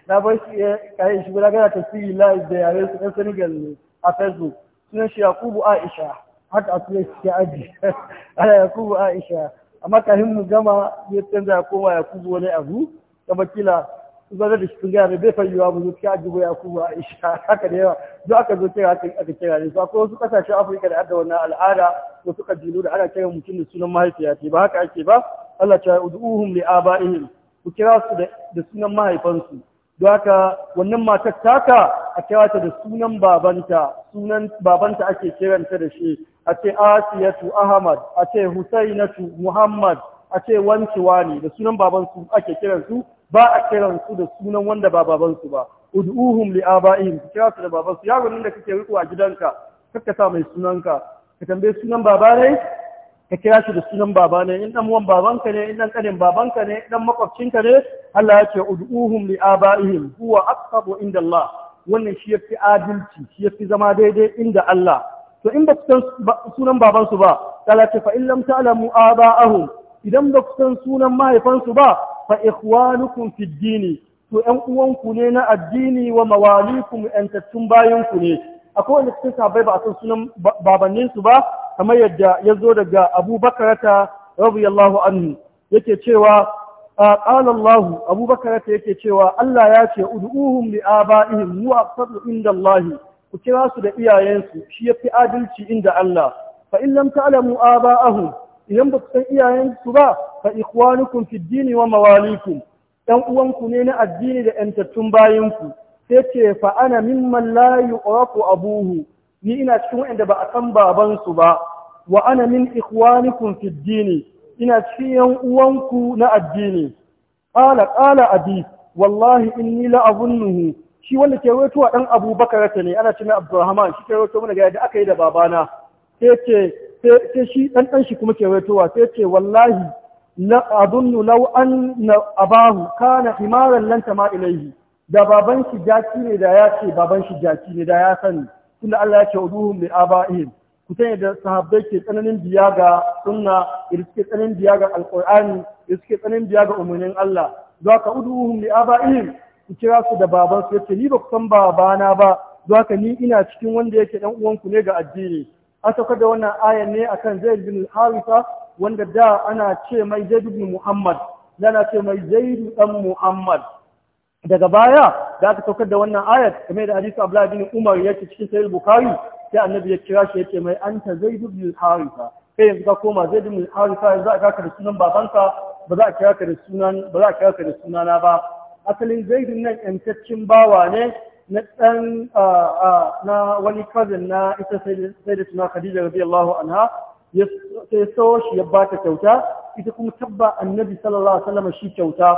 na bar shi kayan shi guda gana tafsiri layi da yare su ɗan senegal ne a facebook sunan shi yakubu aisha haka a tura shi aji yakubu aisha amma kafin mu gama ya canza koma yakubu wani abu makila kila zarar da cikin gaya bai fayyuwa mu zo aji ya yakubu aisha haka da yawa duk aka zo kira aka kira ne su akwai wasu kasashen afirka da adda wannan al'ada da suka jilo da ana kiran mutum da sunan mahaifiya ce ba haka ake ba Allah ta ud'uhum li aba'ihim ku kira su da sunan mahaifansu don haka wannan matar taka a kira da sunan babanta sunan babanta ake kiranta da shi a ce asiyatu ahmad a ce husainatu muhammad a ce wancewa ne da sunan babansu ake kiransu ba a kiransu da sunan wanda ba babansu ba ud'uhum li aba'ihim ku kira su da babansu yaro nan da kake riko a gidanka kakka sa mai sunanka ka tambaye sunan baba ne ka kira shi da sunan baba ne in dan uwan babanka ne in dan kanin babanka ne dan makwabcinka ne Allah ya ce ud'uhum li aba'ihim huwa aqsabu inda Allah wannan shi yafi adalci shi yafi zama daidai inda Allah to in ba ku san sunan babansu ba Allah ce fa in lam ta'lamu aba'ahum idan ba ku san sunan mahaifansu ba fa ikhwanukum fid dini to ƴan uwanku ne na addini wa mawalikum tattun bayanku ne akwai wanda cikin sahabbai ba a san sunan babanninsu ba kamar yadda ya zo daga Abu Bakarata radiyallahu anhu yake cewa qala Abu Bakarata yake cewa Allah ya ce ud'uhum li aba'ihim huwa aqsatu inda Allahi. ku kira su da iyayensu shi yafi adalci inda Allah fa in lam ta'lamu aba'ahum idan ba ku san iyayensu ba fa ikhwanukum fi dini wa mawalikum dan uwanku ne na addini da yantattun bayanku sai ce fa ana mimman la yuqrafu abuhu ni ina cikin wanda ba a san babansu ba wa ana min ikhwanikum fi dini ina cikin yan uwanku na addini qala qala abi wallahi inni la azunnuhu shi wanda ke rawaitowa Abu abubakar ta ne ana ce mai abdurrahman shi ke rawaito mana ga yadda aka yi da babana sai ce sai shi ɗan ɗan shi kuma ke rawaitowa sai ce wallahi la adunnu law anna abahu kana himaran lan tama ilayhi da baban shi jaki ne da ya ce baban shi jaki ne da ya sani tunda Allah ya ce uduhum li abaihim ku sani da sahabbai ke tsananin biya ga sunna da suke tsananin biya ga alqur'ani da suke tsananin biya ga umarnin Allah zaka uduhum li abaihim ku kira su da babansu yace ni ba ku san babana ba zuwa ka ni ina cikin wanda yake dan ku ne ga addini an saukar da wannan ayan ne akan Zaid bin Harisa, wanda da ana ce mai Zaid bin Muhammad ana ce mai Zaid dan Muhammad daga baya da aka saukar da wannan ayat game da hadisi Abdullahi bin Umar yake cikin Sahih Bukhari sai annabi ya kira shi yake mai anta Zaid bin harisa kai yanzu ka koma Zaid bin harisa yanzu aka ka da sunan babanka ba za a kira ka da sunan ba za a kira ka da sunana ba asalin zaidun nan yantaccen bawa ne na ɗan na wani kazin na ita sai da suna khadija radiyallahu anha ya so shi ya bata kyauta ita kuma tabba annabi sallallahu alaihi wasallam shi kyauta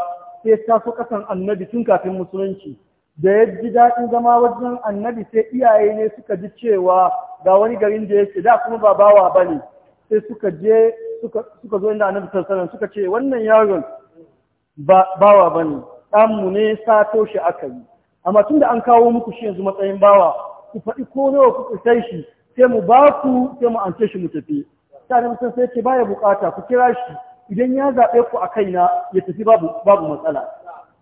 sai ya taso kasan annabi tun kafin musulunci da ya ji daɗin zama wajen annabi sai iyaye ne suka ji cewa ga wani garin da yake da kuma ba bawa ba ne sai suka je suka zo inda annabi sallallahu alaihi wasallam suka ce wannan yaron bawa ba ne ɗanmu ne sato shi aka yi amma tun da an kawo muku shi yanzu matsayin bawa ku faɗi ko nawa ku kusai shi sai mu ba ku sai mu ance shi mu tafi tare mutum sai ce baya bukata ku kira shi idan ya zaɓe ku a kaina ya tafi babu matsala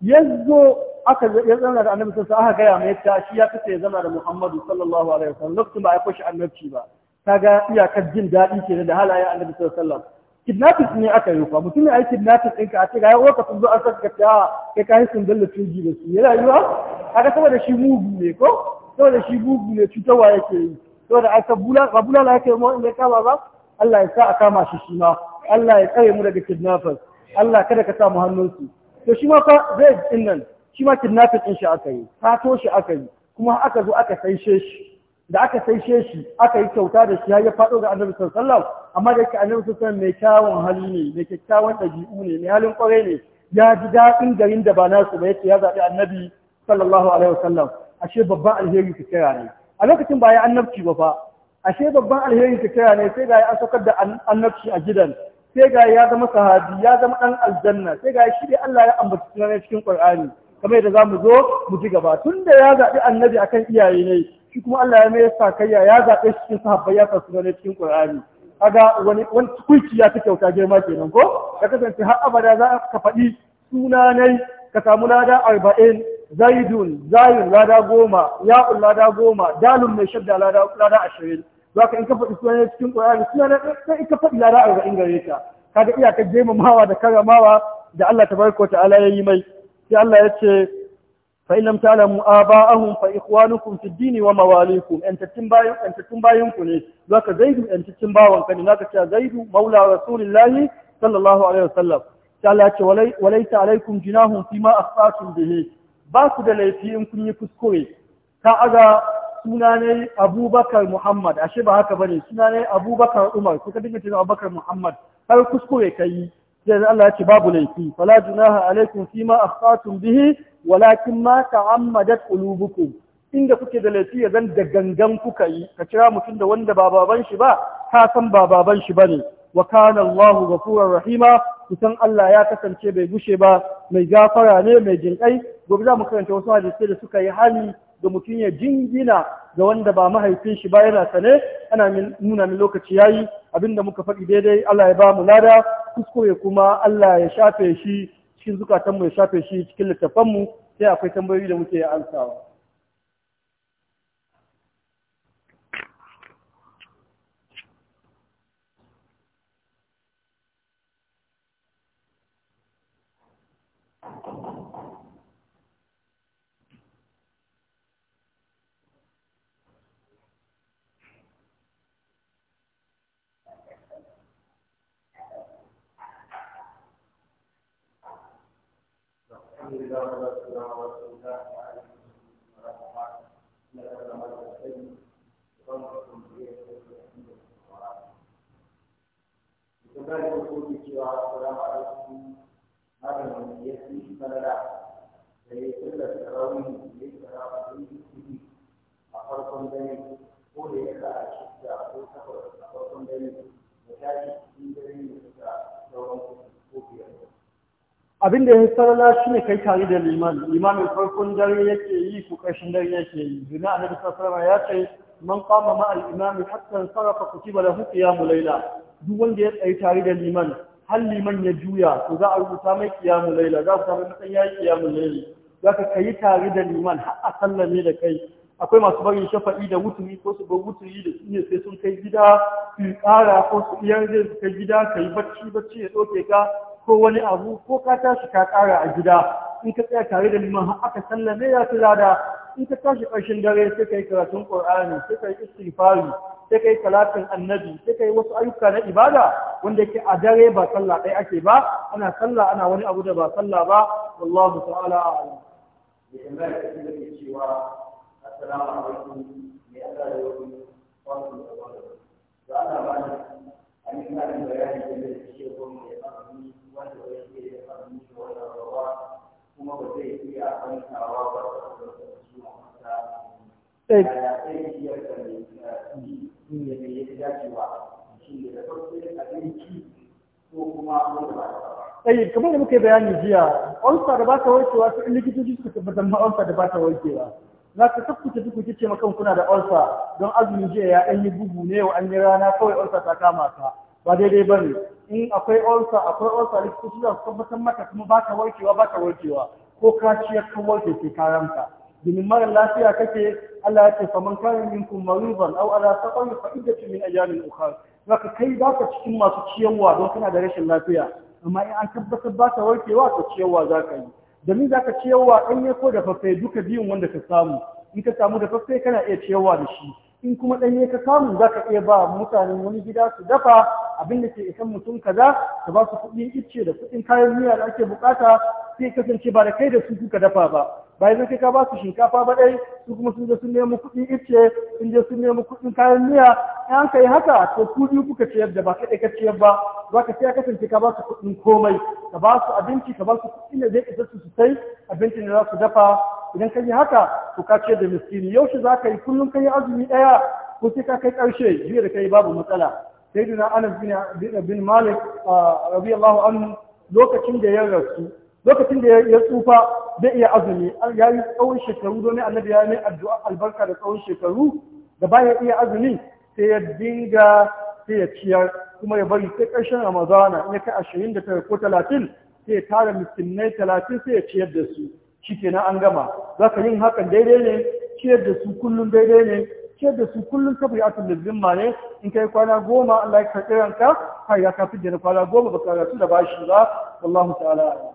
yanzu aka ya zama da annabi aka gaya mai ta shi ya fita ya zama da Muhammadu sallallahu alaihi wasallam lokacin ba a kwashi annabci ba ga iyakar jin daɗi ke da halaye annabi sallallahu alaihi wasallam kidnapping ne aka yi fa mutum ya yi kidnapping ɗinka a ce ga yawa zuwa zo an saka ta kai sun yi da tuji da su yana yiwa kaga saboda shi mugu ne ko saboda shi mugu ne cutarwa yake yi saboda an bula ba bula yake mu in ya kama ba Allah ya sa a kama shi shi ma Allah ya tsare mu daga kidnappers Allah kada ka sa mu hannunsu to shi ma fa zai din nan shi ma kidnapping ɗin shi aka yi fato shi aka yi kuma aka zo aka saishe shi da aka saishe shi aka yi kyauta da shi ya faɗo ga annabi sallallahu amma da yake annabi sallallahu mai kyawun hali ne mai kyakkyawan ɗabi'u ne mai halin kwarai ne ya ji daɗin garin da ba nasu ba yake ya zaɓi annabi sallallahu alaihi wasallam ashe babban alheri ka kira ne a lokacin ba ya annabci ba fa ashe babban alheri ka kira ne sai ga ya saukar da annabci a gidan sai ga ya zama sahabi ya zama ɗan aljanna sai ga shi dai Allah ya ambaci sunan cikin Qur'ani kamar yadda zamu zo mu ji gaba tunda ya zaɓi annabi akan iyaye ne shi kuma Allah ya mai kayya ya zaɓe shi cikin sahabbai ya suna ne cikin Qur'ani kaga wani wani tukunci ya ta kyauta girma kenan ko ka kasance har abada za ka faɗi sunanai ka samu lada arba'in zaidun zayun lada goma ya'un lada goma dalun mai shadda lada lada ashirin za ka in ka faɗi sunanai cikin Qur'ani sunanai sai in ka faɗi lada arba'in gare ka kaga iyakar mawa da karamawa da Allah tabaraka wa ta'ala ya yi mai sai Allah ya ce fa in lam ta'lamu aba'ahum fa ikhwanukum fid dini wa mawalikum antatin bayan antatin bayan ku ne zaka zaidu antatin bawan ka ne zaka ce zaidu maula rasulillahi sallallahu alaihi wasallam ta Allah ce walaita alaikum jinahum ma akhfatum bihi ba ku da laifi in kun yi kuskure Ka aga suna ne Abubakar Muhammad ashe ba haka bane suna ne Abubakar Umar kuka dinga cewa Abubakar Muhammad har kuskure kai sai Allah ya ce babu laifi fala junaha alaikum fima akhfatum bihi walakin ma ta'ammadat Ulubuku, inda kuke da laifi ya zan da gangan kuka yi ka kira mutum da wanda ba baban shi ba ka san ba baban shi bane wa kana Allahu ghafurur rahima kusan Allah ya kasance bai gushe ba mai gafara ne mai jinkai gobe za mu karanta wasu hadisi da suka yi hali ga mutum ya jingina ga wanda ba mahaifin shi ba yana sane ana nuna min lokaci yayi abinda muka faɗi daidai Allah ya ba mu lada kuskure kuma Allah ya shafe shi cikin zukatan mu ya shafe shi cikin littafanmu sai akwai tambayoyi da muke ansawa الحمد لله والصلاه والسلام على رسول الله وعلى اله وصحبه انك لما تستجيب وانتم في Sebagai usul kecewa Assalamualaikum Malam Yesi Malala Dari Sula abin da ya na shi ne kai tare da liman limamin farkon dare yake yi ko ƙarshen dare yake yi zina a nabi sassarama ya ce man kama ma al'imami hatta sarrafa kutiba da hukki ya mulaila duk wanda ya tsaye tare da liman har liman ya juya to za a rubuta mai kiyamu laila za a samu matsayin ya yi kiyamu laila za ka kayi tare da liman har a sallame da kai akwai masu barin shafa'i da wuturi ko su bar wuturi da su sai sun kai gida su ƙara ko su iya zai su kai gida ka yi bacci bacci ya ɗauke ka ko wani abu ko ka tashi ka ƙara a gida in ka tsaya tare da liman har aka sallame ya fi lada in ka tashi ƙarshen dare sai ka yi karatun ƙur'ani sai ka yi istighfari sai ka yi salatin annabi sai ka yi wasu ayyuka na ibada wanda yake a dare ba sallah ɗaya ake ba ana sallah ana wani abu da ba sallah ba wallahu ta'ala a'lam assalamu alaikum me yasa da wani wasu da wani da ana ba ni an yi karin bayani da ke cikin gwamnati wanda ba zai iya samun da wannan rawa kuma ba zai iya kwantawa ba da wata suna masa ya zai iya da mai ya fi dacewa shi da farko ya abinci ko kuma wanda ba da kamar da muka yi bayani jiya, ulsa da ba ta warkewa sai likitoci suka tabbatar ma ulsa da ba ta warkewa. za ka tafkuta duk kuke ce kuna da ulsa don azumin jiya ya ɗan yi bugu ne wa an yi rana kawai ulsa ta kama ka. ba daidai ba ne in akwai ulcer akwai ulcer likitoci za su tabbatar maka kuma ba ka warkewa ba ka warkewa ko ka ciyar ka warke sai ka ranka domin mara lafiya kake Allah ya ce faman kana minkum maridan aw ala taqul fa idatu min ayamin ukhar zaka kai ba ka cikin masu ciyarwa don kana da rashin lafiya amma in an tabbatar ba ka warkewa to ciyarwa za ka yi domin za ka ciyarwa ɗanye ko da fafe duka biyun wanda ka samu in ka samu da fafe kana iya ciyarwa da shi in kuma ɗanye ka samu za ka iya ba mutanen wani gida su dafa abin da ke isan mutum kaza ka ba su kuɗin icce da kuɗin kayan miya da ake bukata sai kasance ba da kai da su kuka dafa ba ba zai ka ba su shinkafa ba dai su kuma sun je sun nemi kuɗin ice sun je sun nemi kuɗin kayan miya in ka yi haka to kuɗi kuka ciyar da ba kaɗai ka ciyar ba za ka sai kasance ka ba su kuɗin komai ka ba su abinci ka ba su kuɗin da zai isa su sosai, abincin da za su dafa idan ka yi haka to ka ciyar da miskini yaushe za ka yi kullum ka yi azumi ɗaya ko sai ka kai ƙarshe jiya da kai babu matsala sayyidina anas bin bin malik ah, radiyallahu anhu lokacin da ya rasu lokacin da ya tsufa zai iya azumi ya yi tsawon shekaru domin annabi ya mai addu'a albarka da tsawon shekaru da baya iya azumi sai ya dinga sai ya ciyar kuma ya bari sai ƙarshen ramadana ya kai ashirin da tara ko talatin sai ya tara miskinai talatin sai ya ciyar da su kenan an gama za ka yin hakan daidai ne ciyar da su kullum daidai ne ciyar da su kullum tabi a tulubin ma ne in kai kwana goma Allah ya karɓi ranka har ya kafin da na kwana goma ba karatu da bashi ba wallahu ta'ala